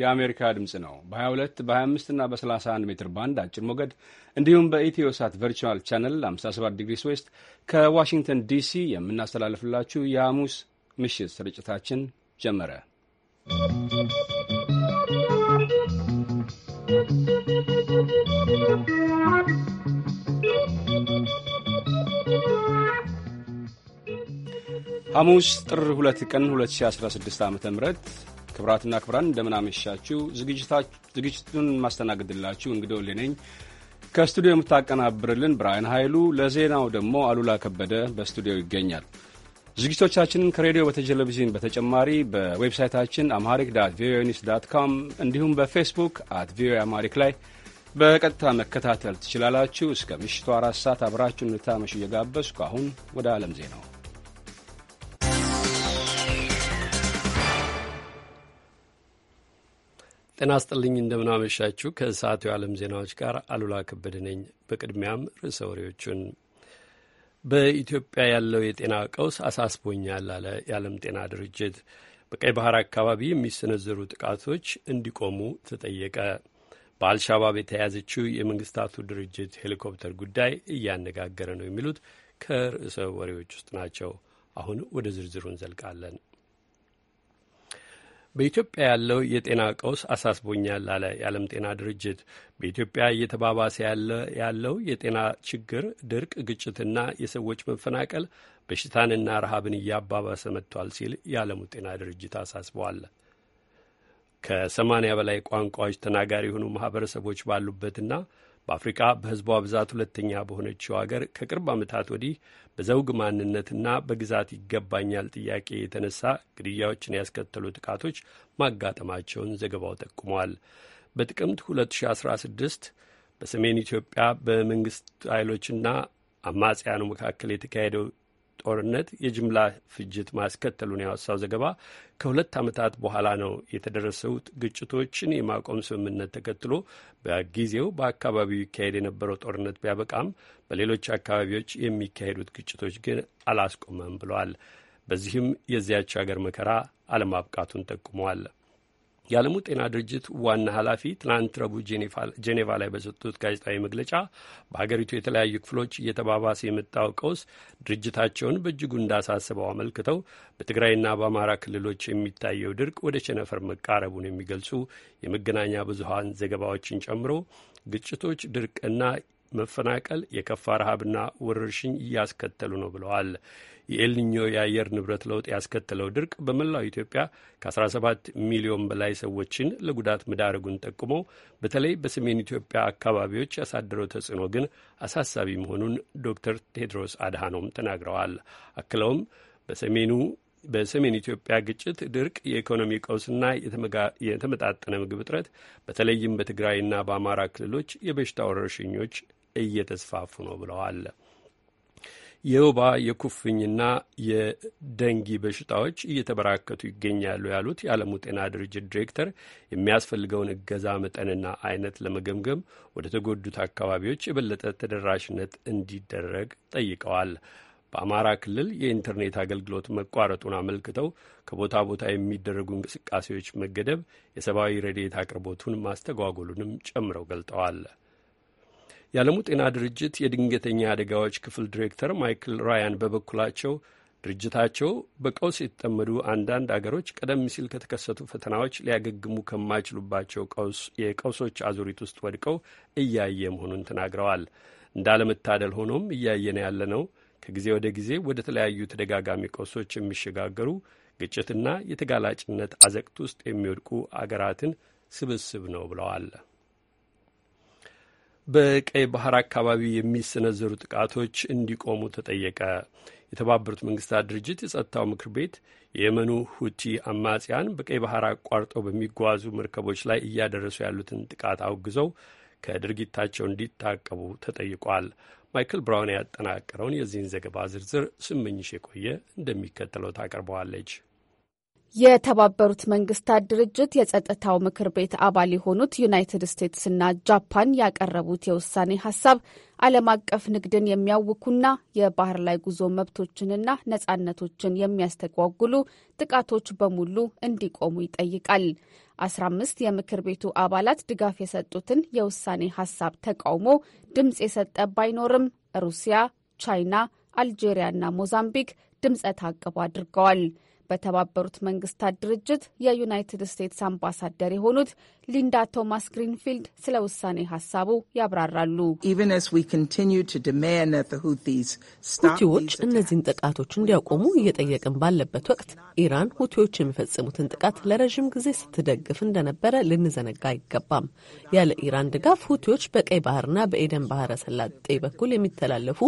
የአሜሪካ ድምፅ ነው። በ22 በ25 እና በ31 ሜትር ባንድ አጭር ሞገድ እንዲሁም በኢትዮሳት ቨርቹዋል ቻነል 57 ዲግሪ ስዌስት ከዋሽንግተን ዲሲ የምናስተላልፍላችሁ የሐሙስ ምሽት ስርጭታችን ጀመረ። ሐሙስ ጥር 2 ቀን 2016 ዓ ም ክብራትና ክብራን እንደምናመሻችሁ። ዝግጅቱን ማስተናግድላችሁ እንግዲህ ወሌ ነኝ። ከስቱዲዮ የምታቀናብርልን ብርሃን ኃይሉ፣ ለዜናው ደግሞ አሉላ ከበደ በስቱዲዮ ይገኛል። ዝግጅቶቻችንን ከሬዲዮ በቴሌቪዥን በተጨማሪ በዌብሳይታችን አምሃሪክ ዳት ቪኦኤ ኒውስ ዳት ካም እንዲሁም በፌስቡክ አት ቪኦኤ አማሪክ ላይ በቀጥታ መከታተል ትችላላችሁ። እስከ ምሽቱ አራት ሰዓት አብራችሁ እንድታመሹ እየጋበዝኩ አሁን ወደ ዓለም ዜናው ጤና ስጥልኝ እንደምናመሻችሁ። ከሰዓቱ የዓለም ዜናዎች ጋር አሉላ ከበደ ነኝ። በቅድሚያም ርዕሰ ወሬዎቹን በኢትዮጵያ ያለው የጤና ቀውስ አሳስቦኛል አለ የዓለም ጤና ድርጅት። በቀይ ባህር አካባቢ የሚሰነዘሩ ጥቃቶች እንዲቆሙ ተጠየቀ። በአልሻባብ የተያዘችው የመንግስታቱ ድርጅት ሄሊኮፕተር ጉዳይ እያነጋገረ ነው የሚሉት ከርዕሰ ወሬዎች ውስጥ ናቸው። አሁን ወደ ዝርዝሩ እንዘልቃለን። በኢትዮጵያ ያለው የጤና ቀውስ አሳስቦኛል አለ የዓለም ጤና ድርጅት። በኢትዮጵያ እየተባባሰ ያለው የጤና ችግር ድርቅ፣ ግጭትና የሰዎች መፈናቀል በሽታንና ረሃብን እያባባሰ መጥቷል ሲል የዓለሙ ጤና ድርጅት አሳስበዋል። ከሰማንያ በላይ ቋንቋዎች ተናጋሪ የሆኑ ማህበረሰቦች ባሉበትና በአፍሪቃ በሕዝቧ ብዛት ሁለተኛ በሆነችው አገር ከቅርብ ዓመታት ወዲህ በዘውግ ማንነትና በግዛት ይገባኛል ጥያቄ የተነሳ ግድያዎችን ያስከተሉ ጥቃቶች ማጋጠማቸውን ዘገባው ጠቁሟል። በጥቅምት 2016 በሰሜን ኢትዮጵያ በመንግሥት ኃይሎችና አማጽያኑ መካከል የተካሄደው ጦርነት የጅምላ ፍጅት ማስከተሉን ያወሳው ዘገባ ከሁለት ዓመታት በኋላ ነው የተደረሰውት ግጭቶችን የማቆም ስምምነት ተከትሎ በጊዜው በአካባቢው ይካሄድ የነበረው ጦርነት ቢያበቃም በሌሎች አካባቢዎች የሚካሄዱት ግጭቶች ግን አላስቆመም ብለዋል። በዚህም የዚያች ሀገር መከራ አለማብቃቱን ጠቁመዋል። የዓለሙ ጤና ድርጅት ዋና ኃላፊ ትናንት ረቡዕ ጄኔቫ ላይ በሰጡት ጋዜጣዊ መግለጫ በሀገሪቱ የተለያዩ ክፍሎች እየተባባሰ የመጣው ቀውስ ድርጅታቸውን በእጅጉ እንዳሳስበው አመልክተው በትግራይና በአማራ ክልሎች የሚታየው ድርቅ ወደ ቸነፈር መቃረቡን የሚገልጹ የመገናኛ ብዙሀን ዘገባዎችን ጨምሮ ግጭቶች፣ ድርቅና መፈናቀል የከፋ ረሃብና ወረርሽኝ እያስከተሉ ነው ብለዋል። የኤልኒኞ የአየር ንብረት ለውጥ ያስከተለው ድርቅ በመላው ኢትዮጵያ ከ17 ሚሊዮን በላይ ሰዎችን ለጉዳት መዳረጉን ጠቁሞ በተለይ በሰሜን ኢትዮጵያ አካባቢዎች ያሳደረው ተጽዕኖ ግን አሳሳቢ መሆኑን ዶክተር ቴድሮስ አድሃኖም ተናግረዋል። አክለውም በሰሜኑ በሰሜን ኢትዮጵያ ግጭት፣ ድርቅ፣ የኢኮኖሚ ቀውስና የተመጣጠነ ምግብ እጥረት በተለይም በትግራይና በአማራ ክልሎች የበሽታ ወረርሽኞች እየተስፋፉ ነው ብለዋል። የወባ የኩፍኝና የደንጊ በሽታዎች እየተበራከቱ ይገኛሉ ያሉት የዓለሙ ጤና ድርጅት ዲሬክተር የሚያስፈልገውን እገዛ መጠንና አይነት ለመገምገም ወደ ተጎዱት አካባቢዎች የበለጠ ተደራሽነት እንዲደረግ ጠይቀዋል። በአማራ ክልል የኢንተርኔት አገልግሎት መቋረጡን አመልክተው ከቦታ ቦታ የሚደረጉ እንቅስቃሴዎች መገደብ የሰብአዊ ረድኤት አቅርቦቱን ማስተጓጎሉንም ጨምረው ገልጠዋል። የዓለሙ ጤና ድርጅት የድንገተኛ አደጋዎች ክፍል ዲሬክተር ማይክል ራያን በበኩላቸው ድርጅታቸው በቀውስ የተጠመዱ አንዳንድ አገሮች ቀደም ሲል ከተከሰቱ ፈተናዎች ሊያገግሙ ከማይችሉባቸው የቀውሶች አዙሪት ውስጥ ወድቀው እያየ መሆኑን ተናግረዋል። እንዳለመታደል ሆኖም እያየን ያለነው ከጊዜ ወደ ጊዜ ወደ ተለያዩ ተደጋጋሚ ቀውሶች የሚሸጋገሩ ግጭትና የተጋላጭነት አዘቅት ውስጥ የሚወድቁ አገራትን ስብስብ ነው ብለዋል። በቀይ ባህር አካባቢ የሚሰነዘሩ ጥቃቶች እንዲቆሙ ተጠየቀ። የተባበሩት መንግስታት ድርጅት የጸጥታው ምክር ቤት የየመኑ ሁቲ አማጽያን በቀይ ባህር አቋርጠው በሚጓዙ መርከቦች ላይ እያደረሱ ያሉትን ጥቃት አውግዘው ከድርጊታቸው እንዲታቀቡ ተጠይቋል። ማይክል ብራውን ያጠናቀረውን የዚህን ዘገባ ዝርዝር ስምኝሽ የቆየ እንደሚከተለው ታቀርበዋለች። የተባበሩት መንግስታት ድርጅት የጸጥታው ምክር ቤት አባል የሆኑት ዩናይትድ ና ጃፓን ያቀረቡት የውሳኔ ሀሳብ ዓለም አቀፍ ንግድን የሚያውኩና የባህር ላይ ጉዞ መብቶችንና ነጻነቶችን የሚያስተጓጉሉ ጥቃቶች በሙሉ እንዲቆሙ ይጠይቃል። አስራ አምስት የምክር ቤቱ አባላት ድጋፍ የሰጡትን የውሳኔ ሀሳብ ተቃውሞ ድምፅ የሰጠ ባይኖርም ሩሲያ፣ ቻይና፣ አልጄሪያና ሞዛምቢክ ድምፀ ታቅቦ አድርገዋል። በተባበሩት መንግስታት ድርጅት የዩናይትድ ስቴትስ አምባሳደር የሆኑት ሊንዳ ቶማስ ግሪንፊልድ ስለ ውሳኔ ሀሳቡ ያብራራሉ። ሁቲዎች እነዚህን ጥቃቶች እንዲያቆሙ እየጠየቅን ባለበት ወቅት ኢራን ሁቲዎች የሚፈጽሙትን ጥቃት ለረዥም ጊዜ ስትደግፍ እንደነበረ ልንዘነጋ አይገባም። ያለ ኢራን ድጋፍ ሁቲዎች በቀይ ባህርና በኤደን ባህረ ሰላጤ በኩል የሚተላለፉ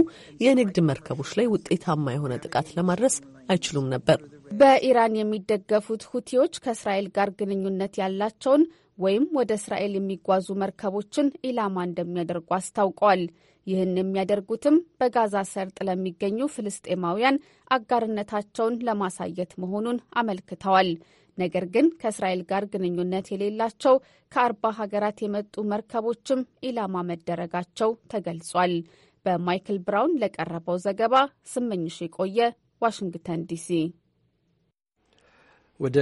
የንግድ መርከቦች ላይ ውጤታማ የሆነ ጥቃት ለማድረስ አይችሉም ነበር። በኢራን የሚደገፉት ሁቲዎች ከእስራኤል ጋር ግንኙነት ያላቸውን ወይም ወደ እስራኤል የሚጓዙ መርከቦችን ኢላማ እንደሚያደርጉ አስታውቀዋል። ይህን የሚያደርጉትም በጋዛ ሰርጥ ለሚገኙ ፍልስጤማውያን አጋርነታቸውን ለማሳየት መሆኑን አመልክተዋል። ነገር ግን ከእስራኤል ጋር ግንኙነት የሌላቸው ከአርባ ሀገራት የመጡ መርከቦችም ኢላማ መደረጋቸው ተገልጿል። በማይክል ብራውን ለቀረበው ዘገባ ስመኝሽ የቆየ ዋሽንግተን ዲሲ ወደ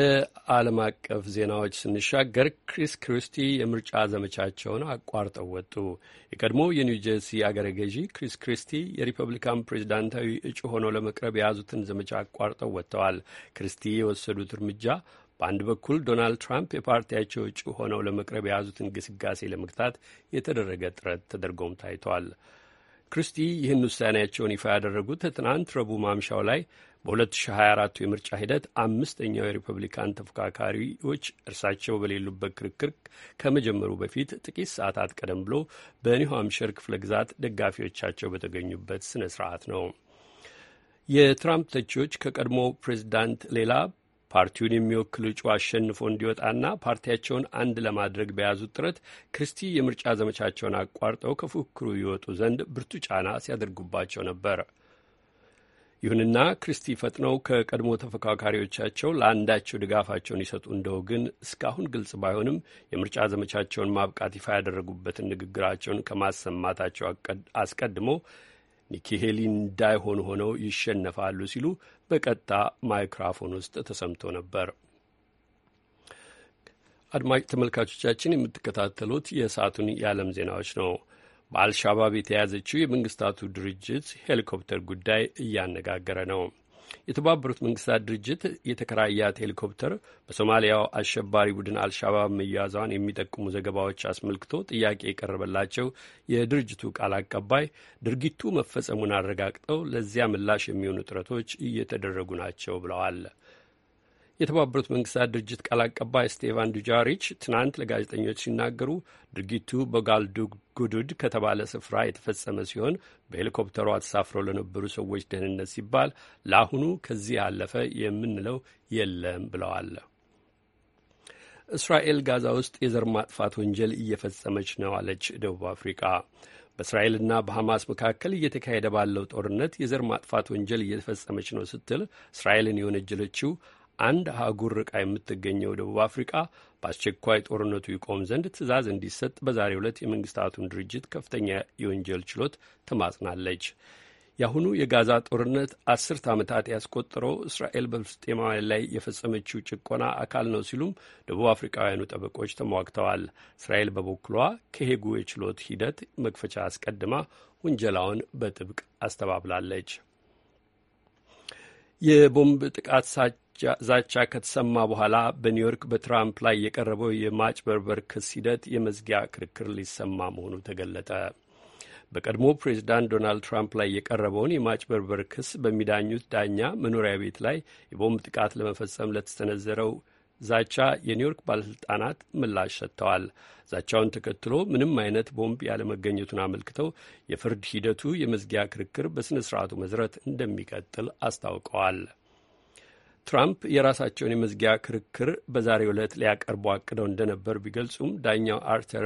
ዓለም አቀፍ ዜናዎች ስንሻገር ክሪስ ክሪስቲ የምርጫ ዘመቻቸውን አቋርጠው ወጡ። የቀድሞ የኒውጀርሲ አገረ ገዢ ክሪስ ክሪስቲ የሪፐብሊካን ፕሬዚዳንታዊ እጩ ሆነው ለመቅረብ የያዙትን ዘመቻ አቋርጠው ወጥተዋል። ክሪስቲ የወሰዱት እርምጃ በአንድ በኩል ዶናልድ ትራምፕ የፓርቲያቸው እጩ ሆነው ለመቅረብ የያዙትን ግስጋሴ ለመግታት የተደረገ ጥረት ተደርጎም ታይቷል። ክሪስቲ ይህን ውሳኔያቸውን ይፋ ያደረጉት ትናንት ረቡዕ ማምሻው ላይ በ 2024 የምርጫ ሂደት አምስተኛው የሪፐብሊካን ተፎካካሪዎች እርሳቸው በሌሉበት ክርክር ከመጀመሩ በፊት ጥቂት ሰዓታት ቀደም ብሎ በኒው ሃምሽር ክፍለ ግዛት ደጋፊዎቻቸው በተገኙበት ስነ ስርዓት ነው። የትራምፕ ተቺዎች ከቀድሞ ፕሬዚዳንት ሌላ ፓርቲውን የሚወክል እጩ አሸንፎ እንዲወጣና ፓርቲያቸውን አንድ ለማድረግ በያዙት ጥረት ክርስቲ የምርጫ ዘመቻቸውን አቋርጠው ከፉክክሩ ይወጡ ዘንድ ብርቱ ጫና ሲያደርጉባቸው ነበር። ይሁንና ክርስቲ ፈጥነው ከቀድሞ ተፎካካሪዎቻቸው ለአንዳቸው ድጋፋቸውን ይሰጡ እንደው ግን እስካሁን ግልጽ ባይሆንም የምርጫ ዘመቻቸውን ማብቃት ይፋ ያደረጉበትን ንግግራቸውን ከማሰማታቸው አስቀድሞ ኒኪ ሄሊ እንዳይሆኑ ሆነው ይሸነፋሉ ሲሉ በቀጥታ ማይክሮፎን ውስጥ ተሰምቶ ነበር። አድማጭ ተመልካቾቻችን የምትከታተሉት የሰዓቱን የዓለም ዜናዎች ነው። በአልሻባብ የተያዘችው የመንግስታቱ ድርጅት ሄሊኮፕተር ጉዳይ እያነጋገረ ነው። የተባበሩት መንግስታት ድርጅት የተከራያት ሄሊኮፕተር በሶማሊያው አሸባሪ ቡድን አልሻባብ መያዟን የሚጠቁሙ ዘገባዎች አስመልክቶ ጥያቄ የቀረበላቸው የድርጅቱ ቃል አቀባይ ድርጊቱ መፈጸሙን አረጋግጠው ለዚያ ምላሽ የሚሆኑ ጥረቶች እየተደረጉ ናቸው ብለዋል። የተባበሩት መንግስታት ድርጅት ቃል አቀባይ ስቴቫን ዱጃሪች ትናንት ለጋዜጠኞች ሲናገሩ ድርጊቱ በጋልዱግ ጉዱድ ከተባለ ስፍራ የተፈጸመ ሲሆን በሄሊኮፕተሯ ተሳፍረው ለነበሩ ሰዎች ደህንነት ሲባል ለአሁኑ ከዚህ ያለፈ የምንለው የለም ብለዋል። እስራኤል ጋዛ ውስጥ የዘር ማጥፋት ወንጀል እየፈጸመች ነው አለች ደቡብ አፍሪካ በእስራኤልና በሐማስ መካከል እየተካሄደ ባለው ጦርነት የዘር ማጥፋት ወንጀል እየተፈጸመች ነው ስትል እስራኤልን የወነጀለችው አንድ አህጉር ርቃ የምትገኘው ደቡብ አፍሪቃ በአስቸኳይ ጦርነቱ ይቆም ዘንድ ትዕዛዝ እንዲሰጥ በዛሬው ዕለት የመንግስታቱን ድርጅት ከፍተኛ የወንጀል ችሎት ትማጽናለች። የአሁኑ የጋዛ ጦርነት አስርት ዓመታት ያስቆጠረው እስራኤል በፍልስጤማውያን ላይ የፈጸመችው ጭቆና አካል ነው ሲሉም ደቡብ አፍሪካውያኑ ጠበቆች ተሟግተዋል። እስራኤል በበኩሏ ከሄጉ የችሎት ሂደት መክፈቻ አስቀድማ ውንጀላውን በጥብቅ አስተባብላለች። የቦምብ ጥቃት ዛቻ ከተሰማ በኋላ በኒውዮርክ በትራምፕ ላይ የቀረበው የማጭበርበር ክስ ሂደት የመዝጊያ ክርክር ሊሰማ መሆኑ ተገለጠ። በቀድሞ ፕሬዚዳንት ዶናልድ ትራምፕ ላይ የቀረበውን የማጭበርበር ክስ በሚዳኙት ዳኛ መኖሪያ ቤት ላይ የቦምብ ጥቃት ለመፈጸም ለተሰነዘረው ዛቻ የኒውዮርክ ባለሥልጣናት ምላሽ ሰጥተዋል። ዛቻውን ተከትሎ ምንም አይነት ቦምብ ያለመገኘቱን አመልክተው የፍርድ ሂደቱ የመዝጊያ ክርክር በሥነ ሥርዓቱ መሠረት እንደሚቀጥል አስታውቀዋል። ትራምፕ የራሳቸውን የመዝጊያ ክርክር በዛሬው ዕለት ሊያቀርቡ አቅደው እንደነበር ቢገልጹም ዳኛው አርተር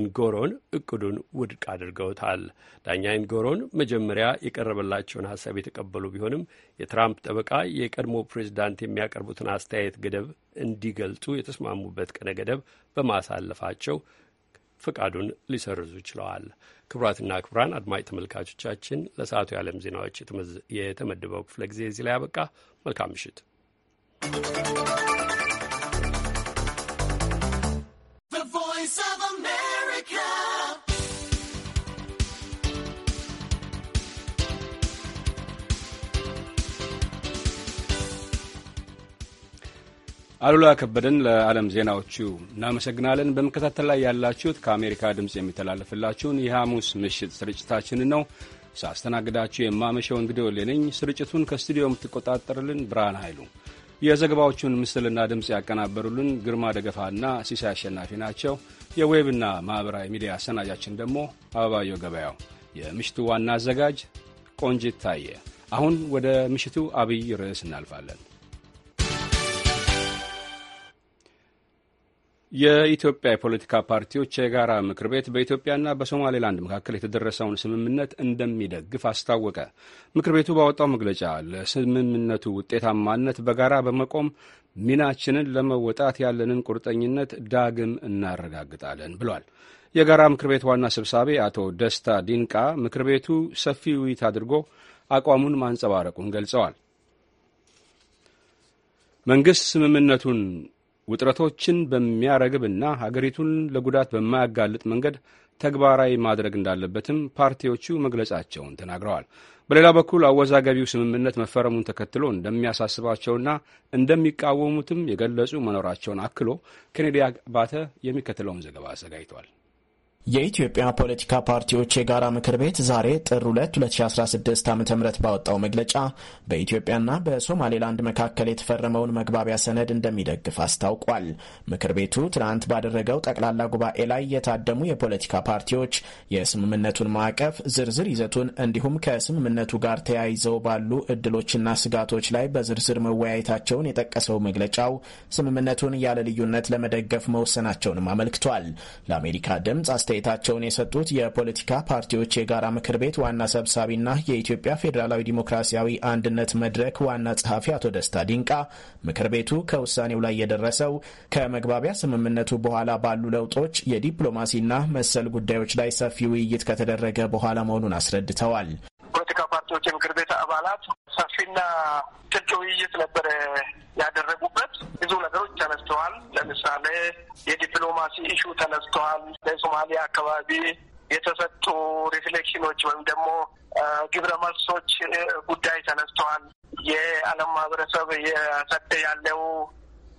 ኢንጎሮን እቅዱን ውድቅ አድርገውታል። ዳኛ ኢንጎሮን መጀመሪያ የቀረበላቸውን ሀሳብ የተቀበሉ ቢሆንም የትራምፕ ጠበቃ የቀድሞ ፕሬዚዳንት የሚያቀርቡትን አስተያየት ገደብ እንዲገልጹ የተስማሙበት ቀነ ገደብ በማሳለፋቸው ፈቃዱን ሊሰርዙ ችለዋል። ክቡራትና ክቡራን አድማጭ ተመልካቾቻችን ለሰዓቱ የዓለም ዜናዎች የተመደበው ክፍለ ጊዜ እዚህ ላይ ያበቃ። መልካም ምሽት። አሉላ ከበደን ለዓለም ዜናዎቹ እናመሰግናለን። በመከታተል ላይ ያላችሁት ከአሜሪካ ድምፅ የሚተላለፍላችሁን የሐሙስ ምሽት ስርጭታችንን ነው። ሳስተናግዳችሁ የማመሸው እንግዲህ ወሌ ነኝ። ስርጭቱን ከስቱዲዮ የምትቆጣጠርልን ብርሃን ኃይሉ የዘገባዎቹን ምስልና ድምፅ ያቀናበሩልን ግርማ ደገፋና ሲሳይ አሸናፊ ናቸው። የዌብና ማኅበራዊ ሚዲያ አሰናጃችን ደግሞ አበባየው ገበያው፣ የምሽቱ ዋና አዘጋጅ ቆንጂት ታየ። አሁን ወደ ምሽቱ አብይ ርዕስ እናልፋለን። የኢትዮጵያ የፖለቲካ ፓርቲዎች የጋራ ምክር ቤት በኢትዮጵያና በሶማሌላንድ መካከል የተደረሰውን ስምምነት እንደሚደግፍ አስታወቀ። ምክር ቤቱ ባወጣው መግለጫ ለስምምነቱ ውጤታማነት በጋራ በመቆም ሚናችንን ለመወጣት ያለንን ቁርጠኝነት ዳግም እናረጋግጣለን ብሏል። የጋራ ምክር ቤት ዋና ሰብሳቢ አቶ ደስታ ዲንቃ ምክር ቤቱ ሰፊ ውይይት አድርጎ አቋሙን ማንጸባረቁን ገልጸዋል። መንግሥት ስምምነቱን ውጥረቶችን በሚያረግብና ሀገሪቱን ለጉዳት በማያጋልጥ መንገድ ተግባራዊ ማድረግ እንዳለበትም ፓርቲዎቹ መግለጻቸውን ተናግረዋል። በሌላ በኩል አወዛጋቢው ስምምነት መፈረሙን ተከትሎ እንደሚያሳስባቸውና እንደሚቃወሙትም የገለጹ መኖራቸውን አክሎ ኬኔዲ አባተ የሚከተለውን ዘገባ አዘጋጅቷል። የኢትዮጵያ ፖለቲካ ፓርቲዎች የጋራ ምክር ቤት ዛሬ ጥር 2 2016 ዓ ም ባወጣው መግለጫ በኢትዮጵያና በሶማሌላንድ መካከል የተፈረመውን መግባቢያ ሰነድ እንደሚደግፍ አስታውቋል። ምክር ቤቱ ትናንት ባደረገው ጠቅላላ ጉባኤ ላይ የታደሙ የፖለቲካ ፓርቲዎች የስምምነቱን ማዕቀፍ፣ ዝርዝር ይዘቱን እንዲሁም ከስምምነቱ ጋር ተያይዘው ባሉ እድሎችና ስጋቶች ላይ በዝርዝር መወያየታቸውን የጠቀሰው መግለጫው ስምምነቱን ያለ ልዩነት ለመደገፍ መወሰናቸውንም አመልክቷል። ለአሜሪካ ድምጽ አስተያየታቸውን የሰጡት የፖለቲካ ፓርቲዎች የጋራ ምክር ቤት ዋና ሰብሳቢና የኢትዮጵያ ፌዴራላዊ ዲሞክራሲያዊ አንድነት መድረክ ዋና ጸሐፊ አቶ ደስታ ዲንቃ ምክር ቤቱ ከውሳኔው ላይ የደረሰው ከመግባቢያ ስምምነቱ በኋላ ባሉ ለውጦች የዲፕሎማሲና መሰል ጉዳዮች ላይ ሰፊ ውይይት ከተደረገ በኋላ መሆኑን አስረድተዋል። ፓርቲዎች የምክር ቤት አባላት ሰፊና ጥልቅ ውይይት ነበረ ያደረጉበት። ብዙ ነገሮች ተነስተዋል። ለምሳሌ የዲፕሎማሲ ኢሹ ተነስተዋል። ለሶማሊያ አካባቢ የተሰጡ ሪፍሌክሽኖች ወይም ደግሞ ግብረ መልሶች ጉዳይ ተነስተዋል። የዓለም ማህበረሰብ የሰጠ ያለው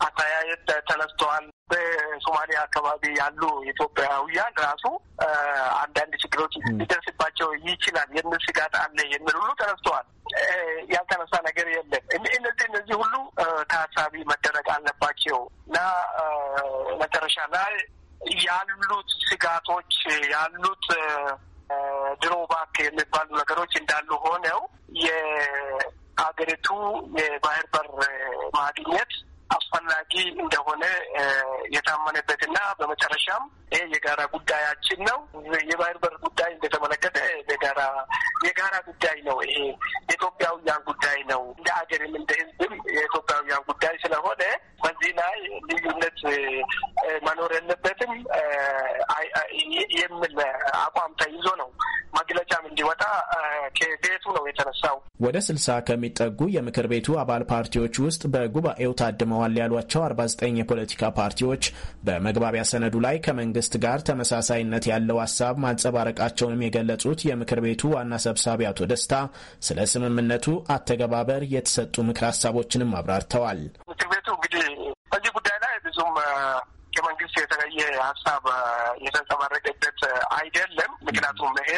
አተያየት ተነስተዋል። በሶማሊያ አካባቢ ያሉ ኢትዮጵያውያን ራሱ አንዳንድ ችግሮች ሊደርስባቸው ይችላል የሚል ስጋት አለ የሚል ሁሉ ተነስተዋል። ያልተነሳ ነገር የለም። እነዚህ እነዚህ ሁሉ ታሳቢ መደረግ አለባቸው እና መጨረሻ ላይ ያሉት ስጋቶች ያሉት ድሮባክ የሚባሉ ነገሮች እንዳሉ ሆነው የሀገሪቱ የባህር በር ማግኘት አስፈላጊ እንደሆነ የታመነበትና በመጨረሻም ይህ የጋራ ጉዳያችን ነው። የባህር በር ጉዳይ እንደተመለከተ የጋራ የጋራ ጉዳይ ነው። ይሄ የኢትዮጵያውያን ጉዳይ ነው። እንደ ሀገርም እንደ ሕዝብም የኢትዮጵያውያን ጉዳይ ስለሆነ እዚህ ላይ ልዩነት መኖር የለበትም የሚል አቋም ተይዞ ነው መግለጫም እንዲወጣ ከቤቱ ነው የተነሳው። ወደ ስልሳ ከሚጠጉ የምክር ቤቱ አባል ፓርቲዎች ውስጥ በጉባኤው ታድመዋል ያሏቸው አርባ ዘጠኝ የፖለቲካ ፓርቲዎች በመግባቢያ ሰነዱ ላይ ከመንግስት ጋር ተመሳሳይነት ያለው ሀሳብ ማንጸባረቃቸውንም የገለጹት የምክር ቤቱ ዋና ሰብሳቢ አቶ ደስታ ስለ ስምምነቱ አተገባበር የተሰጡ ምክር ሀሳቦችንም አብራርተዋል። ምክር ቤቱ እንግዲህ በዚህ ጉዳይ ላይ ብዙም ከመንግስት የተለየ ሀሳብ የተንጸባረቀበት አይደለም። ምክንያቱም ይሄ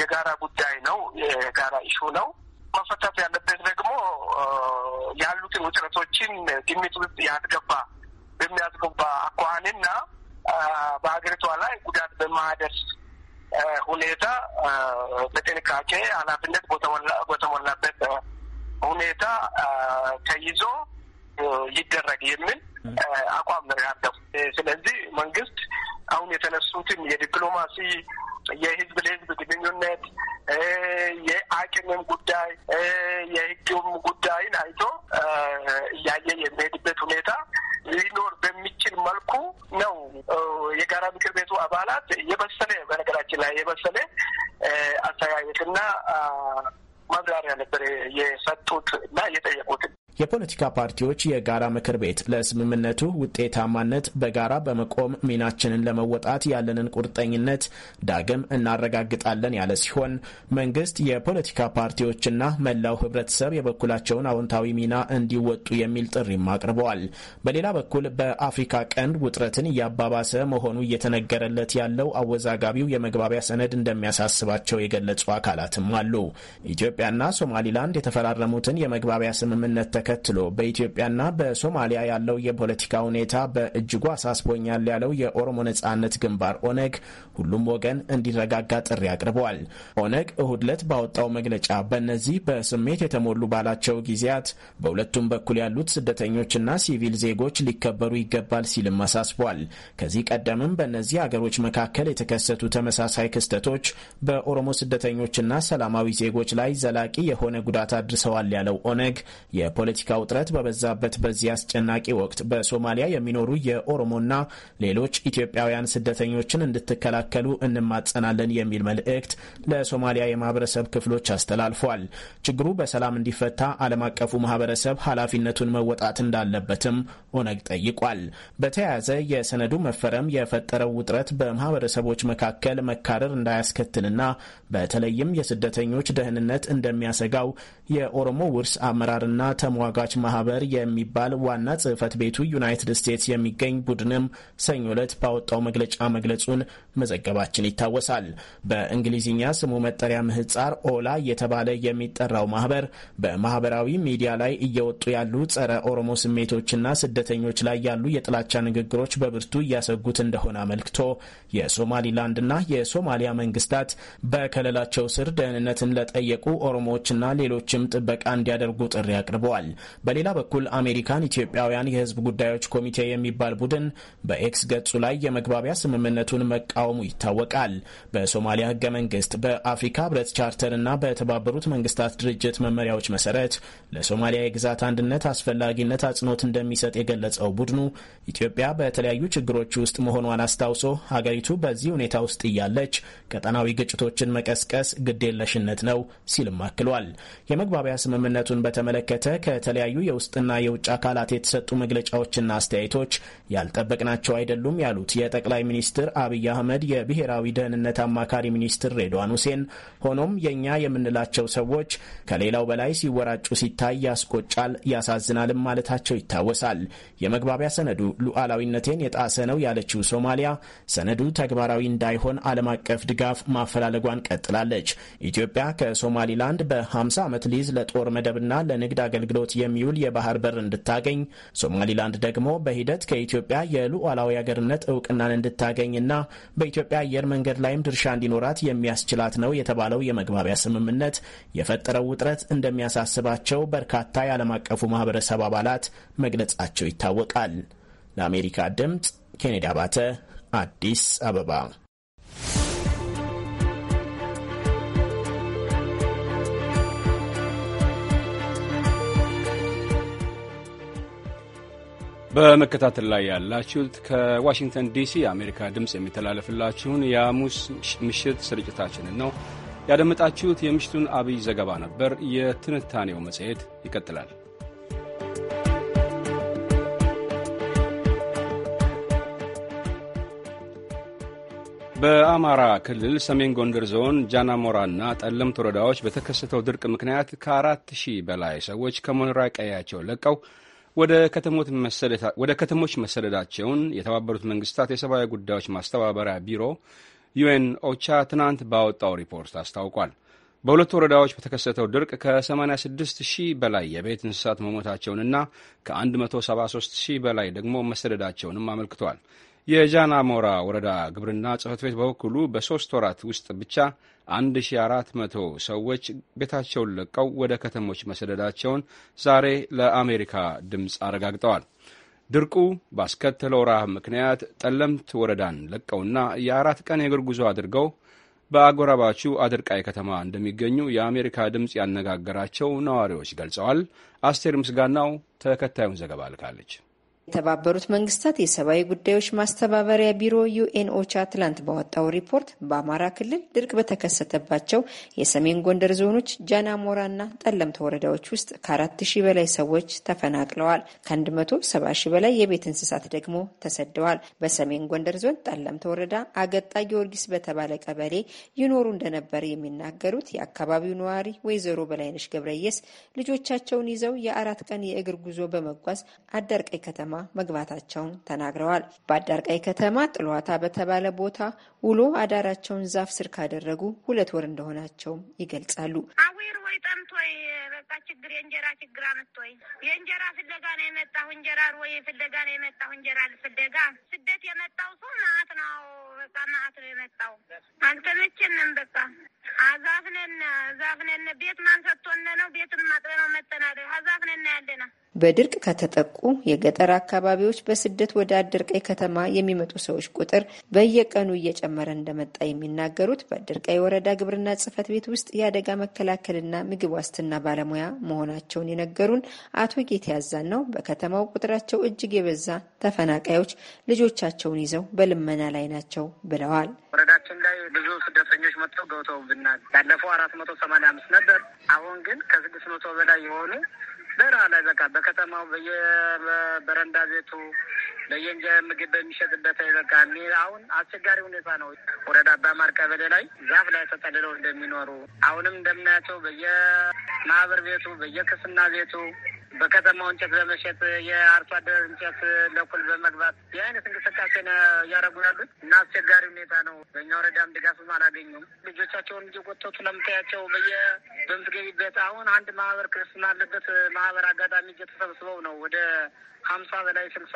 የጋራ ጉዳይ ነው፣ የጋራ ኢሹ ነው። መፈታት ያለበት ደግሞ ያሉትን ውጥረቶችን ግምት ውስጥ ያስገባ በሚያስገባ አኳኋንና በሀገሪቷ ላይ ጉዳት በማደርስ ሁኔታ በጥንቃቄ ኃላፊነት በተሞላበት ሁኔታ ተይዞ ይደረግ የሚል አቋም ነው ያለው። ስለዚህ መንግስት አሁን የተነሱትን የዲፕሎማሲ፣ የህዝብ ለህዝብ ግንኙነት፣ የአቅምም ጉዳይ፣ የህግም ጉዳይን አይቶ እያየ የሚሄድበት ሁኔታ ሊኖር በሚችል መልኩ ነው የጋራ ምክር ቤት የፖለቲካ ፓርቲዎች የጋራ ምክር ቤት ለስምምነቱ ውጤታማነት በጋራ በመቆም ሚናችንን ለመወጣት ያለንን ቁርጠኝነት ዳግም እናረጋግጣለን ያለ ሲሆን መንግስት የፖለቲካ ፓርቲዎችና መላው ህብረተሰብ የበኩላቸውን አዎንታዊ ሚና እንዲወጡ የሚል ጥሪም አቅርበዋል። በሌላ በኩል በአፍሪካ ቀንድ ውጥረትን እያባባሰ መሆኑ እየተነገረለት ያለው አወዛጋቢው የመግባቢያ ሰነድ እንደሚያሳስባቸው የገለጹ አካላትም አሉ። ኢትዮጵያና ሶማሊላንድ የተፈራረሙትን የመግባቢያ ስምምነት ተከትሎ በኢትዮጵያና በሶማሊያ ያለው የፖለቲካ ሁኔታ በእጅጉ አሳስቦኛል ያለው የኦሮሞ ነጻነት ግንባር ኦነግ ሁሉም ወገን እንዲረጋጋ ጥሪ አቅርበዋል። ኦነግ እሁድ ዕለት ባወጣው መግለጫ በእነዚህ በስሜት የተሞሉ ባላቸው ጊዜያት በሁለቱም በኩል ያሉት ስደተኞችና ሲቪል ዜጎች ሊከበሩ ይገባል ሲልም አሳስቧል። ከዚህ ቀደምም በእነዚህ አገሮች መካከል የተከሰቱ ተመሳሳይ ክስተቶች በኦሮሞ ስደተኞችና ሰላማዊ ዜጎች ላይ ዘላቂ የሆነ ጉዳት አድርሰዋል ያለው ኦነግ የፖለቲካ ውጥረት ጥረት በበዛበት በዚህ አስጨናቂ ወቅት በሶማሊያ የሚኖሩ የኦሮሞና ሌሎች ኢትዮጵያውያን ስደተኞችን እንድትከላከሉ እንማጸናለን የሚል መልእክት ለሶማሊያ የማህበረሰብ ክፍሎች አስተላልፏል። ችግሩ በሰላም እንዲፈታ ዓለም አቀፉ ማህበረሰብ ኃላፊነቱን መወጣት እንዳለበትም ኦነግ ጠይቋል። በተያያዘ የሰነዱ መፈረም የፈጠረው ውጥረት በማህበረሰቦች መካከል መካረር እንዳያስከትልና በተለይም የስደተኞች ደህንነት እንደሚያሰጋው የኦሮሞ ውርስ አመራርና ተሟጋች ማህበር የሚባል ዋና ጽህፈት ቤቱ ዩናይትድ ስቴትስ የሚገኝ ቡድንም ሰኞ ዕለት ባወጣው መግለጫ መግለጹን መዘገባችን ይታወሳል። በእንግሊዝኛ ስሙ መጠሪያ ምህጻር ኦላ እየተባለ የሚጠራው ማህበር በማህበራዊ ሚዲያ ላይ እየወጡ ያሉ ጸረ ኦሮሞ ስሜቶችና ስደተኞች ላይ ያሉ የጥላቻ ንግግሮች በብርቱ እያሰጉት እንደሆነ አመልክቶ የሶማሊላንድና የሶማሊያ መንግስታት በከለላቸው ስር ደህንነትን ለጠየቁ ኦሮሞዎችና ሌሎችም ጥበቃ እንዲያደርጉ ጥሪ አቅርበዋል። በሌላ በኩል አሜሪካን ኢትዮጵያውያን የህዝብ ጉዳዮች ኮሚቴ የሚባል ቡድን በኤክስ ገጹ ላይ የመግባቢያ ስምምነቱን መቃወሙ ይታወቃል። በሶማሊያ ህገ መንግስት፣ በአፍሪካ ህብረት ቻርተር እና በተባበሩት መንግስታት ድርጅት መመሪያዎች መሰረት ለሶማሊያ የግዛት አንድነት አስፈላጊነት አጽንኦት እንደሚሰጥ የገለጸው ቡድኑ ኢትዮጵያ በተለያዩ ችግሮች ውስጥ መሆኗን አስታውሶ ሀገሪቱ በዚህ ሁኔታ ውስጥ እያለች ቀጠናዊ ግጭቶችን መቀስቀስ ግዴለሽነት ነው ሲልም አክሏል። የመግባቢያ ስምምነቱን በተመለከተ ከተለያዩ የውስጥና የውጭ አካላት የተሰጡ መግለጫዎችና አስተያየቶች ያልጠበቅናቸው አይደሉም ያሉት የጠቅላይ ሚኒስትር አብይ አህመድ የብሔራዊ ደህንነት አማካሪ ሚኒስትር ሬድዋን ሁሴን፣ ሆኖም የእኛ የምንላቸው ሰዎች ከሌላው በላይ ሲወራጩ ሲታይ ያስቆጫል፣ ያሳዝናልም ማለታቸው ይታወሳል። የመግባቢያ ሰነዱ ሉዓላዊነቴን የጣሰ ነው ያለችው ሶማሊያ ሰነዱ ተግባራዊ እንዳይሆን ዓለም አቀፍ ድጋፍ ማፈላለጓን ቀጥላለች። ኢትዮጵያ ከሶማሊላንድ በ50 ዓመት ሊዝ ለጦር መደብና ለንግድ አገልግሎት የሚውል የጁል የባህር በር እንድታገኝ፣ ሶማሊላንድ ደግሞ በሂደት ከኢትዮጵያ የሉዓላዊ አገርነት እውቅናን እንድታገኝና በኢትዮጵያ አየር መንገድ ላይም ድርሻ እንዲኖራት የሚያስችላት ነው የተባለው የመግባቢያ ስምምነት የፈጠረው ውጥረት እንደሚያሳስባቸው በርካታ የዓለም አቀፉ ማህበረሰብ አባላት መግለጻቸው ይታወቃል። ለአሜሪካ ድምፅ ኬኔዲ አባተ አዲስ አበባ በመከታተል ላይ ያላችሁት ከዋሽንግተን ዲሲ የአሜሪካ ድምፅ የሚተላለፍላችሁን የሐሙስ ምሽት ስርጭታችንን ነው ያደመጣችሁት። የምሽቱን አብይ ዘገባ ነበር። የትንታኔው መጽሔት ይቀጥላል። በአማራ ክልል ሰሜን ጎንደር ዞን ጃናሞራና ጠለምት ወረዳዎች በተከሰተው ድርቅ ምክንያት ከአራት ሺህ በላይ ሰዎች ከመኖሪያ ቀያቸው ለቀው ወደ ከተሞች መሰደዳቸውን የተባበሩት መንግስታት የሰብአዊ ጉዳዮች ማስተባበሪያ ቢሮ ዩኤን ኦቻ ትናንት ባወጣው ሪፖርት አስታውቋል። በሁለቱ ወረዳዎች በተከሰተው ድርቅ ከ86 ሺህ በላይ የቤት እንስሳት መሞታቸውንና ከ173 ሺህ በላይ ደግሞ መሰደዳቸውንም አመልክቷል። የጃናሞራ ወረዳ ግብርና ጽህፈት ቤት በበኩሉ በሦስት ወራት ውስጥ ብቻ 1400 ሰዎች ቤታቸውን ለቀው ወደ ከተሞች መሰደዳቸውን ዛሬ ለአሜሪካ ድምፅ አረጋግጠዋል። ድርቁ ባስከተለው ረሃብ ምክንያት ጠለምት ወረዳን ለቀውና የአራት ቀን የእግር ጉዞ አድርገው በአጎራባቹ አድርቃይ ከተማ እንደሚገኙ የአሜሪካ ድምፅ ያነጋገራቸው ነዋሪዎች ገልጸዋል። አስቴር ምስጋናው ተከታዩን ዘገባ ልካለች። የተባበሩት መንግስታት የሰብአዊ ጉዳዮች ማስተባበሪያ ቢሮ ዩኤን ትላንት ባወጣው ሪፖርት በአማራ ክልል ድርቅ በተከሰተባቸው የሰሜን ጎንደር ዞኖች ጃናሞራና ጠለምት ወረዳዎች ውስጥ ከአራት ሺህ በላይ ሰዎች ተፈናቅለዋል መቶ ሰባ ሺህ በላይ የቤት እንስሳት ደግሞ ተሰደዋል። በሰሜን ጎንደር ዞን ጠለምት ወረዳ አገጣ ጊዮርጊስ በተባለ ቀበሌ ይኖሩ እንደነበር የሚናገሩት የአካባቢው ነዋሪ ወይዘሮ በላይነሽ ገብረየስ ልጆቻቸውን ይዘው የአራት ቀን የእግር ጉዞ በመጓዝ አደርቀይ ከተማ ከተማ መግባታቸውን ተናግረዋል። በአዳር ቀይ ከተማ ጥሏታ በተባለ ቦታ ውሎ አዳራቸውን ዛፍ ስር ካደረጉ ሁለት ወር እንደሆናቸውም ይገልጻሉ። አዊር ወይ ጠምቶይ በቃ ችግር የእንጀራ ችግር አምጥቶይ የእንጀራ ፍለጋ ነው የመጣሁ እንጀራ ወይ ፍለጋ ነው የመጣሁ እንጀራ ፍለጋ ስደት የመጣው ሰው ማአት ነው በቃ ማአት ነው የመጣው። አልተመቸንም በቃ አዛፍነን ዛፍነን ቤት ማን ሰጥቶነ ነው ቤትን ማጥበ ነው መጠናደ አዛፍነና ያለና በድርቅ ከተጠቁ የገጠር አካባቢዎች በስደት ወደ ቀይ ከተማ የሚመጡ ሰዎች ቁጥር በየቀኑ እየጨመረ እንደመጣ የሚናገሩት ቀይ ወረዳ ግብርና ጽህፈት ቤት ውስጥ የአደጋ መከላከልና ምግብ ዋስትና ባለሙያ መሆናቸውን የነገሩን አቶ ጌት ያዛን ነው። በከተማው ቁጥራቸው እጅግ የበዛ ተፈናቃዮች ልጆቻቸውን ይዘው በልመና ላይ ናቸው ብለዋል። ወረዳችን ላይ ብዙ ስደተኞች መጥተው ብናል ያለፈው አራት መቶ ሰማንያ አምስት ነበር። አሁን ግን ከስድስት መቶ በላይ የሆኑ በራ ላይ በቃ በከተማው በየበረንዳ ቤቱ በየእንጀ ምግብ በሚሸጥበት ላይ በቃ አሁን አስቸጋሪ ሁኔታ ነው። ወረዳ አባማር ቀበሌ ላይ ዛፍ ላይ ተጠልለው እንደሚኖሩ አሁንም እንደምናያቸው በየማህበር ቤቱ በየክፍና ቤቱ በከተማው እንጨት በመሸጥ የአርሶ አደር እንጨት ለኩል በመግባት ይህ አይነት እንቅስቃሴ እያደረጉ ያሉት እና አስቸጋሪ ሁኔታ ነው። በእኛ ወረዳም ድጋፍም አላገኙም። ልጆቻቸውን እየጎተቱ ለምታያቸው በየ በምትገቢበት አሁን አንድ ማህበር ክርስትና አለበት ማህበር አጋጣሚ እየተሰብስበው ነው ወደ ሀምሳ በላይ ስልሳ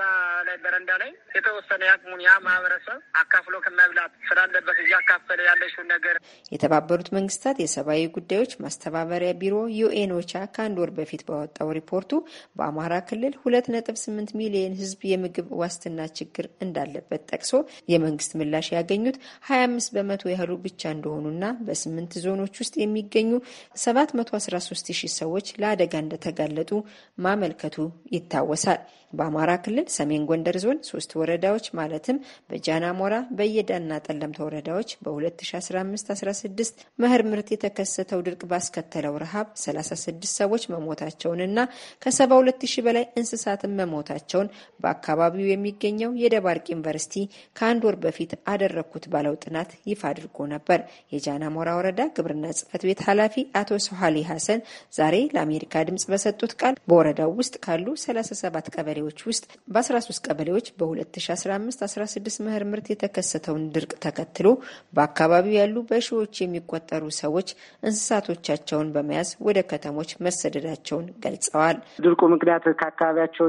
ላይ በረንዳ ላይ የተወሰነ ያቅሙን ያ ማህበረሰብ አካፍሎ ከመብላት ስላለበት እያካፈለ ያለችውን ነገር የተባበሩት መንግስታት የሰብአዊ ጉዳዮች ማስተባበሪያ ቢሮ ዩኤኖቻ ከአንድ ወር በፊት ባወጣው ሪፖርቱ በአማራ ክልል ሁለት ነጥብ ስምንት ሚሊየን ህዝብ የምግብ ዋስትና ችግር እንዳለበት ጠቅሶ የመንግስት ምላሽ ያገኙት ሀያ አምስት በመቶ ያህሉ ብቻ እንደሆኑና በስምንት ዞኖች ውስጥ የሚገኙ ሰባት መቶ አስራ ሶስት ሺህ ሰዎች ለአደጋ እንደተጋለጡ ማመልከቱ ይታወሳል። በአማራ ክልል ሰሜን ጎንደር ዞን ሶስት ወረዳዎች ማለትም በጃናሞራ በየዳና ጠለምተ ወረዳዎች በ2015/16 መኸር ምርት የተከሰተው ድርቅ ባስከተለው ረሃብ 36 ሰዎች መሞታቸውንና ከ 72000 በላይ እንስሳትን መሞታቸውን በአካባቢው የሚገኘው የደባርቅ ዩኒቨርሲቲ ከአንድ ወር በፊት አደረግኩት ባለው ጥናት ይፋ አድርጎ ነበር። የጃና ሞራ ወረዳ ግብርና ጽህፈት ቤት ኃላፊ አቶ ሰሃሊ ሀሰን ዛሬ ለአሜሪካ ድምጽ በሰጡት ቃል በወረዳው ውስጥ ካሉ 37 ቀበሌዎች ውስጥ በ13 ቀበሌዎች በ2015/16 መኸር ምርት የተከሰተውን ድርቅ ተከትሎ በአካባቢው ያሉ በሺዎች የሚቆጠሩ ሰዎች እንስሳቶቻቸውን በመያዝ ወደ ከተሞች መሰደዳቸውን ገልጸዋል። ድርቁ ምክንያት ከአካባቢያቸው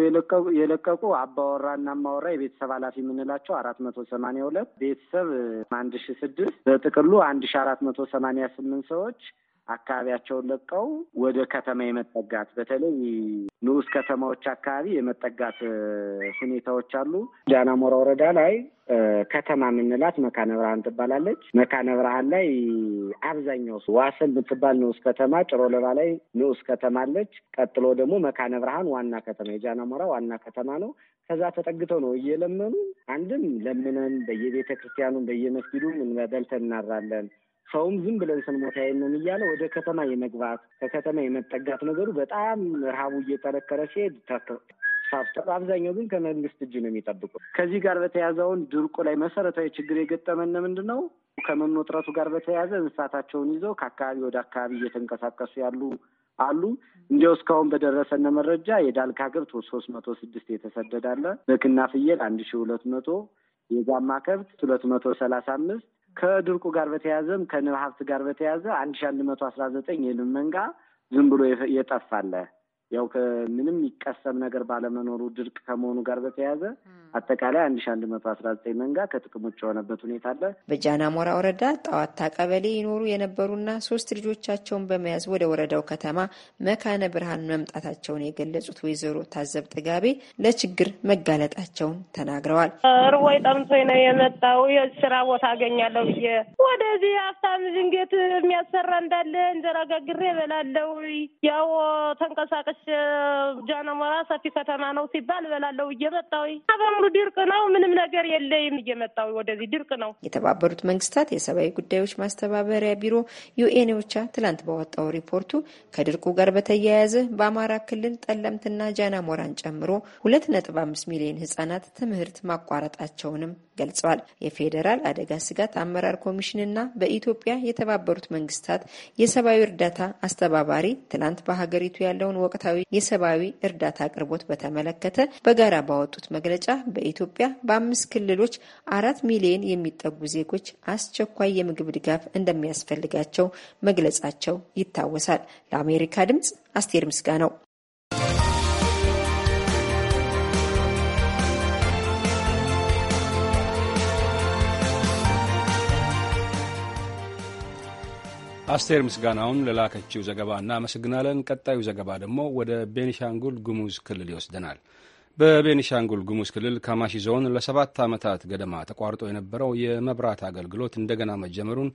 የለቀቁ አባወራ እና ማወራ የቤተሰብ ኃላፊ የምንላቸው አራት መቶ ሰማኒያ ሁለት ቤተሰብ አንድ ሺ ስድስት በጥቅሉ አንድ ሺ አራት መቶ ሰማኒያ ስምንት ሰዎች አካባቢያቸውን ለቀው ወደ ከተማ የመጠጋት በተለይ ንዑስ ከተማዎች አካባቢ የመጠጋት ሁኔታዎች አሉ። ዳናሞራ ወረዳ ላይ ከተማ የምንላት መካነ ብርሃን ትባላለች። መካነ ብርሃን ላይ አብዛኛው ዋሰን የምትባል ንዑስ ከተማ፣ ጭሮ ለባ ላይ ንዑስ ከተማ አለች። ቀጥሎ ደግሞ መካነ ብርሃን ዋና ከተማ የጃናሞራ ዋና ከተማ ነው። ከዛ ተጠግተው ነው እየለመኑ አንድም ለምነን በየቤተ ክርስቲያኑም በየመስጊዱም በልተን እናድራለን። ሰውም ዝም ብለን ስንሞት ያየንን እያለ ወደ ከተማ የመግባት ከከተማ የመጠጋት ነገሩ በጣም ረሃቡ እየጠነከረ ሲሄድ ሳብተር አብዛኛው ግን ከመንግስት እጅ ነው የሚጠብቁ። ከዚህ ጋር በተያያዘውን ድርቁ ላይ መሰረታዊ ችግር የገጠመን ምንድን ነው? ከመኖ እጥረቱ ጋር በተያያዘ እንስሳታቸውን ይዘው ከአካባቢ ወደ አካባቢ እየተንቀሳቀሱ ያሉ አሉ። እንዲያው እስካሁን በደረሰነ መረጃ የዳልካ ከብት ሶስት መቶ ስድስት የተሰደዳለ፣ በግና ፍየል አንድ ሺ ሁለት መቶ የጋማ ከብት ሁለት መቶ ሰላሳ አምስት ከድርቁ ጋር በተያያዘም ከንብ ሀብት ጋር በተያያዘ አንድ ሺ አንድ መቶ አስራ ዘጠኝ የልም መንጋ ዝም ብሎ የጠፋለ ያው ከምንም የሚቀሰም ነገር ባለመኖሩ ድርቅ ከመሆኑ ጋር በተያያዘ አጠቃላይ አንድ ሺ አንድ መቶ አስራ ዘጠኝ መንጋ ከጥቅም ውጭ የሆነበት ሁኔታ አለ። በጃና ሞራ ወረዳ ጣዋታ ቀበሌ ይኖሩ የነበሩና ሶስት ልጆቻቸውን በመያዝ ወደ ወረዳው ከተማ መካነ ብርሃን መምጣታቸውን የገለጹት ወይዘሮ ታዘብ ጥጋቤ ለችግር መጋለጣቸውን ተናግረዋል። ርቦይ ጠምቶ ነው የመጣው የስራ ቦታ አገኛለሁ ብዬ ወደዚህ ሀብታም ዝንጌት የሚያሰራ እንዳለ እንጀራ ጋግሬ እበላለሁ ያው ተንቀሳቀስ መች ጃነሞራ ሰፊ ከተማ ነው ሲባል እበላለሁ እየመጣሁ በሙሉ ድርቅ ነው። ምንም ነገር የለይም። እየመጣሁ ወደዚህ ድርቅ ነው። የተባበሩት መንግስታት የሰብአዊ ጉዳዮች ማስተባበሪያ ቢሮ ዩኤን ኦቻ ትላንት ባወጣው ሪፖርቱ ከድርቁ ጋር በተያያዘ በአማራ ክልል ጠለምትና ጃናሞራን ጨምሮ ሁለት ነጥብ አምስት ሚሊዮን ህጻናት ትምህርት ማቋረጣቸውንም ገልጸዋል። የፌዴራል አደጋ ስጋት አመራር ኮሚሽንና በኢትዮጵያ የተባበሩት መንግስታት የሰብአዊ እርዳታ አስተባባሪ ትናንት በሀገሪቱ ያለውን ወቅታዊ የሰብአዊ እርዳታ አቅርቦት በተመለከተ በጋራ ባወጡት መግለጫ በኢትዮጵያ በአምስት ክልሎች አራት ሚሊዮን የሚጠጉ ዜጎች አስቸኳይ የምግብ ድጋፍ እንደሚያስፈልጋቸው መግለጻቸው ይታወሳል። ለአሜሪካ ድምጽ አስቴር ምስጋ ነው። አስቴር ምስጋናውን ለላከችው ዘገባ እናመሰግናለን። ቀጣዩ ዘገባ ደግሞ ወደ ቤኒሻንጉል ጉሙዝ ክልል ይወስደናል። በቤኒሻንጉል ጉሙዝ ክልል ካማሺ ዞን ለሰባት ዓመታት ገደማ ተቋርጦ የነበረው የመብራት አገልግሎት እንደገና መጀመሩን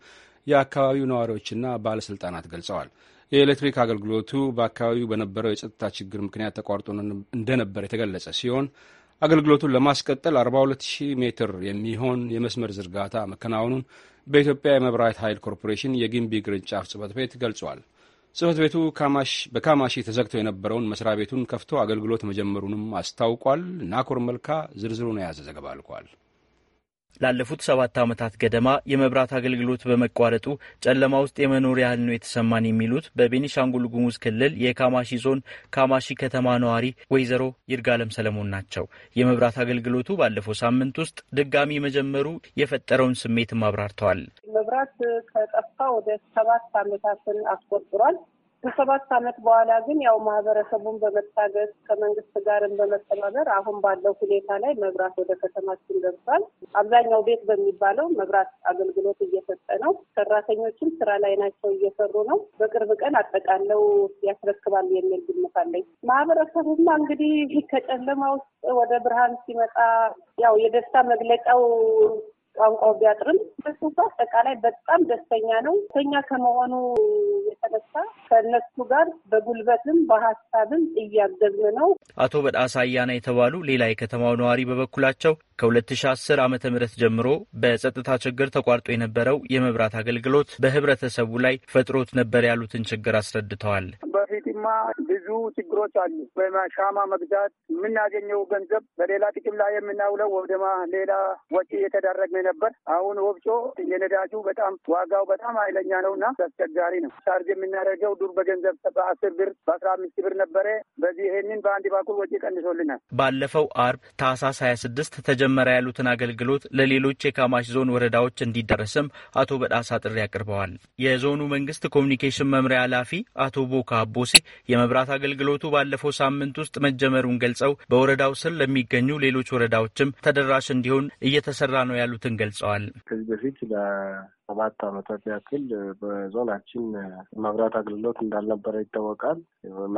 የአካባቢው ነዋሪዎችና ባለሥልጣናት ገልጸዋል። የኤሌክትሪክ አገልግሎቱ በአካባቢው በነበረው የጸጥታ ችግር ምክንያት ተቋርጦ እንደነበር የተገለጸ ሲሆን አገልግሎቱን ለማስቀጠል 420 ሜትር የሚሆን የመስመር ዝርጋታ መከናወኑን በኢትዮጵያ የመብራት ኃይል ኮርፖሬሽን የግንቢ ቅርንጫፍ ጽህፈት ቤት ገልጿል። ጽህፈት ቤቱ በካማሺ ተዘግቶ የነበረውን መስሪያ ቤቱን ከፍቶ አገልግሎት መጀመሩንም አስታውቋል። ናኮር መልካ ዝርዝሩን የያዘ ዘገባ አልኳል። ላለፉት ሰባት ዓመታት ገደማ የመብራት አገልግሎት በመቋረጡ ጨለማ ውስጥ የመኖር ያህል ነው የተሰማን የሚሉት በቤኒሻንጉል ጉሙዝ ክልል የካማሺ ዞን ካማሺ ከተማ ነዋሪ ወይዘሮ ይርጋለም ሰለሞን ናቸው። የመብራት አገልግሎቱ ባለፈው ሳምንት ውስጥ ድጋሚ መጀመሩ የፈጠረውን ስሜትም አብራርተዋል። መብራት ከጠፋ ወደ ሰባት ዓመታትን አስቆጥሯል። ከሰባት ዓመት በኋላ ግን ያው ማህበረሰቡን በመታገዝ ከመንግስት ጋርን በመተባበር አሁን ባለው ሁኔታ ላይ መብራት ወደ ከተማችን ገብቷል። አብዛኛው ቤት በሚባለው መብራት አገልግሎት እየሰጠ ነው። ሰራተኞችም ስራ ላይ ናቸው፣ እየሰሩ ነው። በቅርብ ቀን አጠቃለው ያስረክባል የሚል ግምት አለኝ። ማህበረሰቡማ እንግዲህ ከጨለማ ውስጥ ወደ ብርሃን ሲመጣ ያው የደስታ መግለጫው ቋንቋው ቢያጥርም እሱ አጠቃላይ በጣም ደስተኛ ነው። ደስተኛ ከመሆኑ የተነሳ ከእነሱ ጋር በጉልበትም በሀሳብም እያገዝን ነው። አቶ በድአሳ አያና የተባሉ ሌላ የከተማው ነዋሪ በበኩላቸው ከ2010 ዓ ም ጀምሮ በጸጥታ ችግር ተቋርጦ የነበረው የመብራት አገልግሎት በህብረተሰቡ ላይ ፈጥሮት ነበር ያሉትን ችግር አስረድተዋል። በፊትማ ብዙ ችግሮች አሉ። በሻማ መግዛት የምናገኘው ገንዘብ በሌላ ጥቅም ላይ የምናውለው ወደማ ሌላ ወጪ የተዳረግን ነበር። አሁን ወብጮ የነዳጁ በጣም ዋጋው በጣም ኃይለኛ ነው እና አስቸጋሪ ነው። ቻርጅ የምናደርገው ዱር በገንዘብ በአስር ብር በአስራ አምስት ብር ነበረ። በዚህ ይህንን በአንድ በኩል ወጪ ቀንሶልናል። ባለፈው አርብ ታህሳስ ሀያ ስድስት ተጀ መጀመሪያ ያሉትን አገልግሎት ለሌሎች የካማሽ ዞን ወረዳዎች እንዲደረስም አቶ በዳሳ ጥሪ አቅርበዋል። የዞኑ መንግስት ኮሚኒኬሽን መምሪያ ኃላፊ አቶ ቦካ አቦሴ የመብራት አገልግሎቱ ባለፈው ሳምንት ውስጥ መጀመሩን ገልጸው በወረዳው ስር ለሚገኙ ሌሎች ወረዳዎችም ተደራሽ እንዲሆን እየተሰራ ነው ያሉትን ገልጸዋል። ከዚህ በፊት ሰባት አመታት ያክል በዞናችን መብራት አገልግሎት እንዳልነበረ ይታወቃል።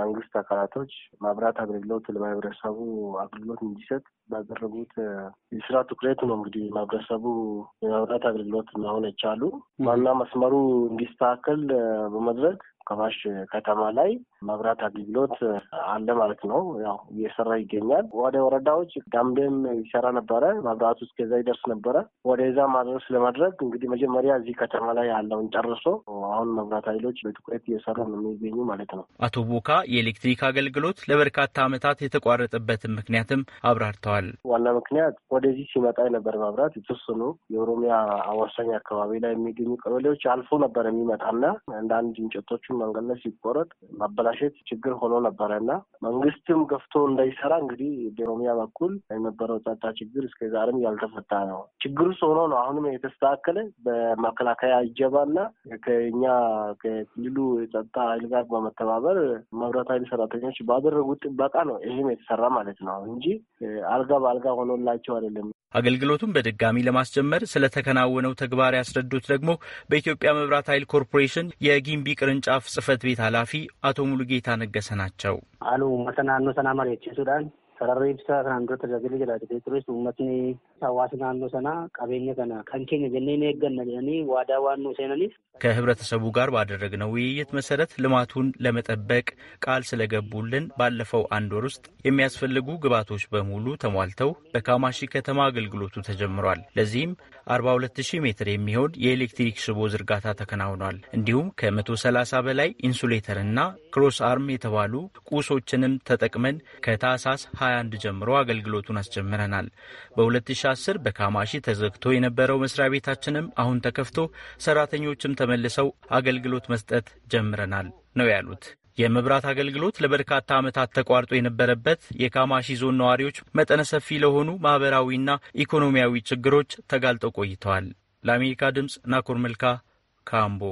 መንግስት አካላቶች መብራት አገልግሎት ለማህበረሰቡ አገልግሎት እንዲሰጥ ባደረጉት የስራ ትኩረት ነው እንግዲህ ማህበረሰቡ የመብራት አገልግሎት መሆን የቻሉ ዋና መስመሩ እንዲስተካከል በመድረግ ከባሽ ከተማ ላይ መብራት አገልግሎት አለ ማለት ነው። ያው እየሰራ ይገኛል። ወደ ወረዳዎች ዳምደም ይሰራ ነበረ መብራቱ እስከዛ ይደርስ ነበረ። ወደዛ ማድረስ ለማድረግ እንግዲህ መጀመሪያ እዚህ ከተማ ላይ ያለውን ጨርሶ አሁን መብራት ኃይሎች በትኩረት እየሰሩ ነው የሚገኙ ማለት ነው። አቶ ቦካ የኤሌክትሪክ አገልግሎት ለበርካታ ዓመታት የተቋረጠበትን ምክንያትም አብራርተዋል። ዋና ምክንያት ወደዚህ ሲመጣ የነበረ መብራት የተወሰኑ የኦሮሚያ አዋሳኝ አካባቢ ላይ የሚገኙ ቀበሌዎች አልፎ ነበር የሚመጣና አንዳንድ እንጨቶቹ እሱን መንገድ ላይ ሲቆረጥ ማበላሸት ችግር ሆኖ ነበረ እና መንግስትም ገፍቶ እንዳይሰራ እንግዲህ በኦሮሚያ በኩል የነበረው ጸጥታ ችግር እስከ ዛሬም ያልተፈታ ነው። ችግር ውስጥ ሆኖ ነው አሁንም የተስተካከለ በመከላከያ እጀባና ከኛ ከክልሉ የጸጥታ ኃይል ጋር በመተባበር መብራት ኃይል ሰራተኞች ባደረጉት ጥበቃ ነው ይህም የተሰራ ማለት ነው እንጂ አልጋ በአልጋ ሆኖላቸው አይደለም። አገልግሎቱን በድጋሚ ለማስጀመር ስለተከናወነው ተግባር ያስረዱት ደግሞ በኢትዮጵያ መብራት ኃይል ኮርፖሬሽን የጊምቢ ቅርንጫፍ ጽህፈት ቤት ኃላፊ አቶ ሙሉጌታ ነገሰ ናቸው። አሉ መሰናኖ መሬች ሱዳን sararri ibsaa kanaan dura tajaajila jedhee tures uummatni hawaasa naannoo sanaa qabeenya kana kan keenya jennee ni eegganna jedhanii waadaa waan nuu seenaniif. ከህብረተሰቡ ጋር ባደረግነው ውይይት መሰረት ልማቱን ለመጠበቅ ቃል ስለገቡልን ባለፈው አንድ ወር ውስጥ የሚያስፈልጉ ግብዓቶች በሙሉ ተሟልተው በካማሺ ከተማ አገልግሎቱ ተጀምሯል። ለዚህም 420 ሜትር የሚሆን የኤሌክትሪክ ሽቦ ዝርጋታ ተከናውኗል። እንዲሁም ከ130 በላይ ኢንሱሌተርና ክሮስ አርም የተባሉ ቁሶችንም ተጠቅመን ከታህሳስ 21 ጀምሮ አገልግሎቱን አስጀምረናል። በ2010 በካማሺ ተዘግቶ የነበረው መስሪያ ቤታችንም አሁን ተከፍቶ ሰራተኞችም ተመልሰው አገልግሎት መስጠት ጀምረናል ነው ያሉት። የመብራት አገልግሎት ለበርካታ ዓመታት ተቋርጦ የነበረበት የካማሺ ዞን ነዋሪዎች መጠነ ሰፊ ለሆኑ ማኅበራዊና ኢኮኖሚያዊ ችግሮች ተጋልጠው ቆይተዋል። ለአሜሪካ ድምፅ ናኮር መልካ ካምቦ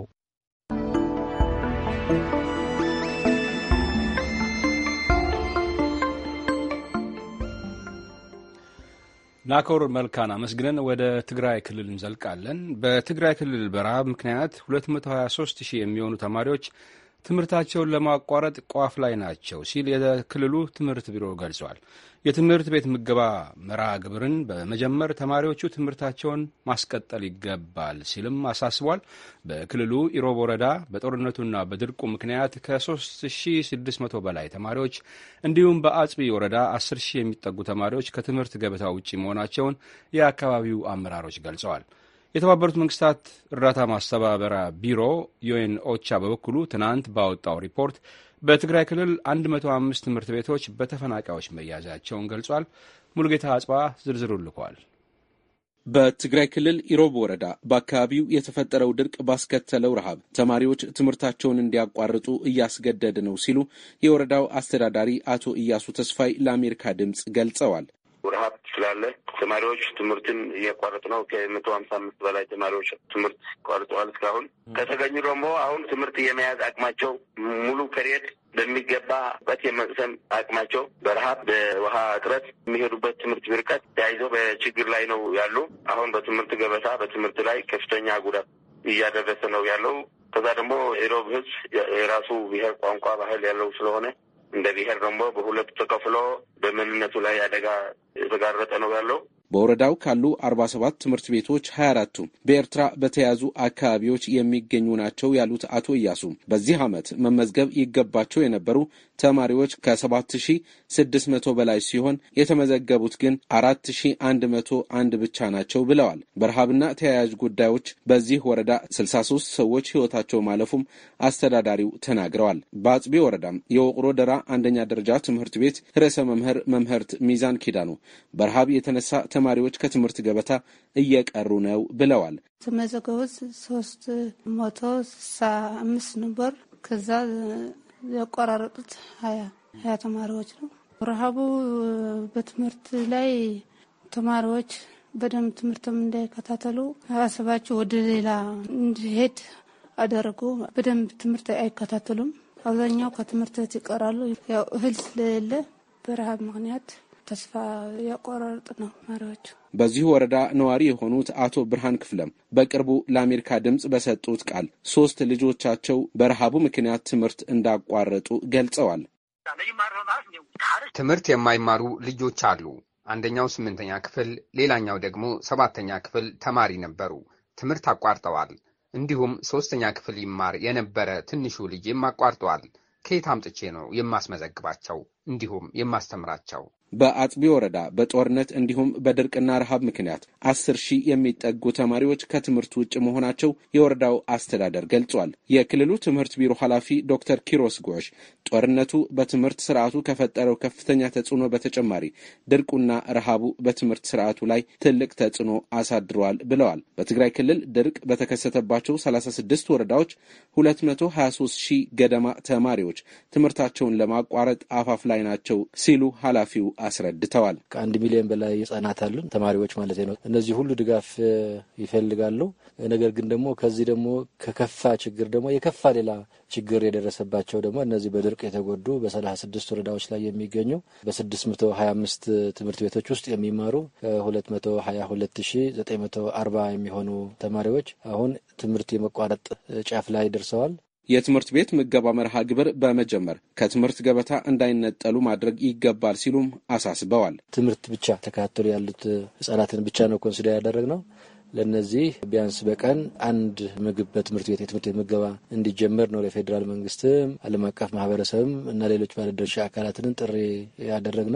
ናኮር መልካን አመስግነን ወደ ትግራይ ክልል እንዘልቃለን። በትግራይ ክልል በረሃብ ምክንያት 223 ሺህ የሚሆኑ ተማሪዎች ትምህርታቸውን ለማቋረጥ ቋፍ ላይ ናቸው ሲል የክልሉ ትምህርት ቢሮ ገልጿል። የትምህርት ቤት ምገባ መርሃ ግብርን በመጀመር ተማሪዎቹ ትምህርታቸውን ማስቀጠል ይገባል ሲልም አሳስቧል። በክልሉ ኢሮብ ወረዳ በጦርነቱና በድርቁ ምክንያት ከ3600 በላይ ተማሪዎች እንዲሁም በአጽቢ ወረዳ 10 የሚጠጉ ተማሪዎች ከትምህርት ገበታ ውጪ መሆናቸውን የአካባቢው አመራሮች ገልጸዋል። የተባበሩት መንግስታት እርዳታ ማስተባበሪያ ቢሮ ዩኤን ኦቻ በበኩሉ ትናንት ባወጣው ሪፖርት በትግራይ ክልል 105 ትምህርት ቤቶች በተፈናቃዮች መያዛቸውን ገልጿል። ሙልጌታ አጽባ ዝርዝሩ ልኳል። በትግራይ ክልል ኢሮብ ወረዳ በአካባቢው የተፈጠረው ድርቅ ባስከተለው ረሃብ ተማሪዎች ትምህርታቸውን እንዲያቋርጡ እያስገደደ ነው ሲሉ የወረዳው አስተዳዳሪ አቶ እያሱ ተስፋይ ለአሜሪካ ድምፅ ገልጸዋል። ረሀብ ስላለ ተማሪዎች ትምህርትን እያቋረጡ ነው። ከመቶ ሀምሳ አምስት በላይ ተማሪዎች ትምህርት ቋርጠዋል እስካሁን። ከተገኙ ደግሞ አሁን ትምህርት የመያዝ አቅማቸው ሙሉ ከሬድ በሚገባ እውቀት የመቅሰም አቅማቸው በረሀብ በውሃ እጥረት የሚሄዱበት ትምህርት ብርቀት ተያይዞ በችግር ላይ ነው ያሉ። አሁን በትምህርት ገበታ በትምህርት ላይ ከፍተኛ ጉዳት እያደረሰ ነው ያለው። ከዛ ደግሞ የሮብ ህዝብ የራሱ ብሔር ቋንቋ፣ ባህል ያለው ስለሆነ እንደ ብሔር ደግሞ በሁለቱ ተከፍሎ በምንነቱ ላይ አደጋ የተጋረጠ ነው ያለው። በወረዳው ካሉ 47 ትምህርት ቤቶች 24ቱ በኤርትራ በተያዙ አካባቢዎች የሚገኙ ናቸው ያሉት አቶ እያሱ በዚህ ዓመት መመዝገብ ይገባቸው የነበሩ ተማሪዎች ከ7600 በላይ ሲሆን የተመዘገቡት ግን 4101 ብቻ ናቸው ብለዋል። በረሃብና ተያያዥ ጉዳዮች በዚህ ወረዳ 63 ሰዎች ሕይወታቸው ማለፉም አስተዳዳሪው ተናግረዋል። በአጽቢ ወረዳም የወቅሮ ደራ አንደኛ ደረጃ ትምህርት ቤት ርዕሰ መምህር መምህርት ሚዛን ኪዳኑ በረሃብ የተነሳ ተማሪዎች ከትምህርት ገበታ እየቀሩ ነው ብለዋል። ተመዘገቡት ሶስት መቶ ስልሳ አምስት ነበር። ከዛ ያቆራረጡት ሀያ ሀያ ተማሪዎች ነው። ረሃቡ በትምህርት ላይ ተማሪዎች በደንብ ትምህርትም እንዳይከታተሉ ሀሳባቸው ወደ ሌላ እንዲሄድ አደረጉ። በደንብ ትምህርት አይከታተሉም። አብዛኛው ከትምህርት ይቀራሉ። ያው እህል ስለሌለ በረሃብ ምክንያት ተስፋ ያቆራርጥ ነው መሪዎቹ። በዚሁ ወረዳ ነዋሪ የሆኑት አቶ ብርሃን ክፍለም በቅርቡ ለአሜሪካ ድምፅ በሰጡት ቃል ሶስት ልጆቻቸው በረሃቡ ምክንያት ትምህርት እንዳቋረጡ ገልጸዋል። ትምህርት የማይማሩ ልጆች አሉ። አንደኛው ስምንተኛ ክፍል፣ ሌላኛው ደግሞ ሰባተኛ ክፍል ተማሪ ነበሩ። ትምህርት አቋርጠዋል። እንዲሁም ሶስተኛ ክፍል ይማር የነበረ ትንሹ ልጅም አቋርጠዋል። ከየት አምጥቼ ነው የማስመዘግባቸው እንዲሁም የማስተምራቸው? በአጥቢ ወረዳ በጦርነት እንዲሁም በድርቅና ረሃብ ምክንያት አስር ሺህ የሚጠጉ ተማሪዎች ከትምህርት ውጭ መሆናቸው የወረዳው አስተዳደር ገልጿል። የክልሉ ትምህርት ቢሮ ኃላፊ ዶክተር ኪሮስ ጎሽ ጦርነቱ በትምህርት ስርዓቱ ከፈጠረው ከፍተኛ ተጽዕኖ በተጨማሪ ድርቁና ረሃቡ በትምህርት ስርዓቱ ላይ ትልቅ ተጽዕኖ አሳድረዋል ብለዋል። በትግራይ ክልል ድርቅ በተከሰተባቸው 36 ወረዳዎች 223 ሺህ ገደማ ተማሪዎች ትምህርታቸውን ለማቋረጥ አፋፍ ላይ ናቸው ሲሉ ኃላፊው አስረድተዋል። ከአንድ ሚሊዮን በላይ ህጻናት አሉ፣ ተማሪዎች ማለት ነው። እነዚህ ሁሉ ድጋፍ ይፈልጋሉ። ነገር ግን ደግሞ ከዚህ ደግሞ ከከፋ ችግር ደግሞ የከፋ ሌላ ችግር የደረሰባቸው ደግሞ እነዚህ በድርቅ የተጎዱ በሰላሳ ስድስት ወረዳዎች ላይ የሚገኙ በስድስት መቶ ሀያ አምስት ትምህርት ቤቶች ውስጥ የሚማሩ ከሁለት መቶ ሀያ ሁለት ሺ ዘጠኝ መቶ አርባ የሚሆኑ ተማሪዎች አሁን ትምህርት የመቋረጥ ጫፍ ላይ ደርሰዋል። የትምህርት ቤት ምገባ መርሃ ግብር በመጀመር ከትምህርት ገበታ እንዳይነጠሉ ማድረግ ይገባል ሲሉም አሳስበዋል። ትምህርት ብቻ ተከታተሉ ያሉት ህጻናትን ብቻ ነው ኮንሲደር ነው። ለነዚህ ቢያንስ በቀን አንድ ምግብ በትምህርት ቤት የትምህርት ቤት ምገባ እንዲጀመር ነው ለፌዴራል መንግስትም ዓለም አቀፍ ማህበረሰብም እና ሌሎች ባለድርሻ አካላትንም ጥሪ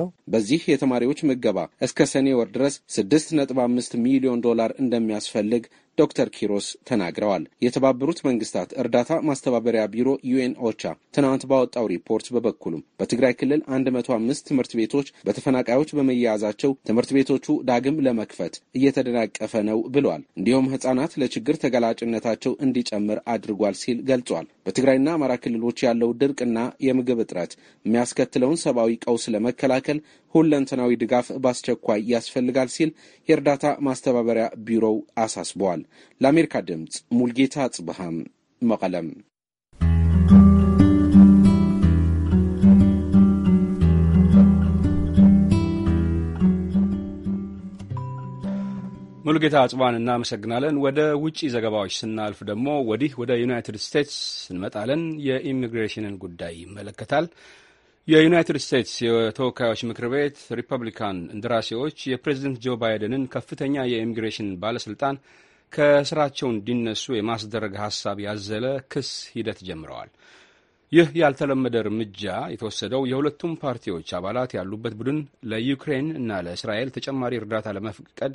ነው። በዚህ የተማሪዎች ምገባ እስከ ሰኔ ወር ድረስ ስድስት ነጥብ አምስት ሚሊዮን ዶላር እንደሚያስፈልግ ዶክተር ኪሮስ ተናግረዋል። የተባበሩት መንግስታት እርዳታ ማስተባበሪያ ቢሮ ዩኤን ኦቻ ትናንት ባወጣው ሪፖርት በበኩሉም በትግራይ ክልል 105 ትምህርት ቤቶች በተፈናቃዮች በመያያዛቸው ትምህርት ቤቶቹ ዳግም ለመክፈት እየተደናቀፈ ነው ብሏል። እንዲሁም ህጻናት ለችግር ተጋላጭነታቸው እንዲጨምር አድርጓል ሲል ገልጿል። በትግራይና አማራ ክልሎች ያለው ድርቅና የምግብ እጥረት የሚያስከትለውን ሰብአዊ ቀውስ ለመከላከል ሁለንተናዊ ድጋፍ በአስቸኳይ ያስፈልጋል ሲል የእርዳታ ማስተባበሪያ ቢሮው አሳስበዋል። ለአሜሪካ ድምፅ ሙልጌታ ጽብሃም መቐለም ሙሉጌታ አጽባን እናመሰግናለን። ወደ ውጭ ዘገባዎች ስናልፍ ደግሞ ወዲህ ወደ ዩናይትድ ስቴትስ ስንመጣለን የኢሚግሬሽንን ጉዳይ ይመለከታል። የዩናይትድ ስቴትስ የተወካዮች ምክር ቤት ሪፐብሊካን እንደራሴዎች የፕሬዝደንት ጆ ባይደንን ከፍተኛ የኢሚግሬሽን ባለስልጣን ከስራቸው እንዲነሱ የማስደረግ ሐሳብ ያዘለ ክስ ሂደት ጀምረዋል። ይህ ያልተለመደ እርምጃ የተወሰደው የሁለቱም ፓርቲዎች አባላት ያሉበት ቡድን ለዩክሬን እና ለእስራኤል ተጨማሪ እርዳታ ለመፍቀድ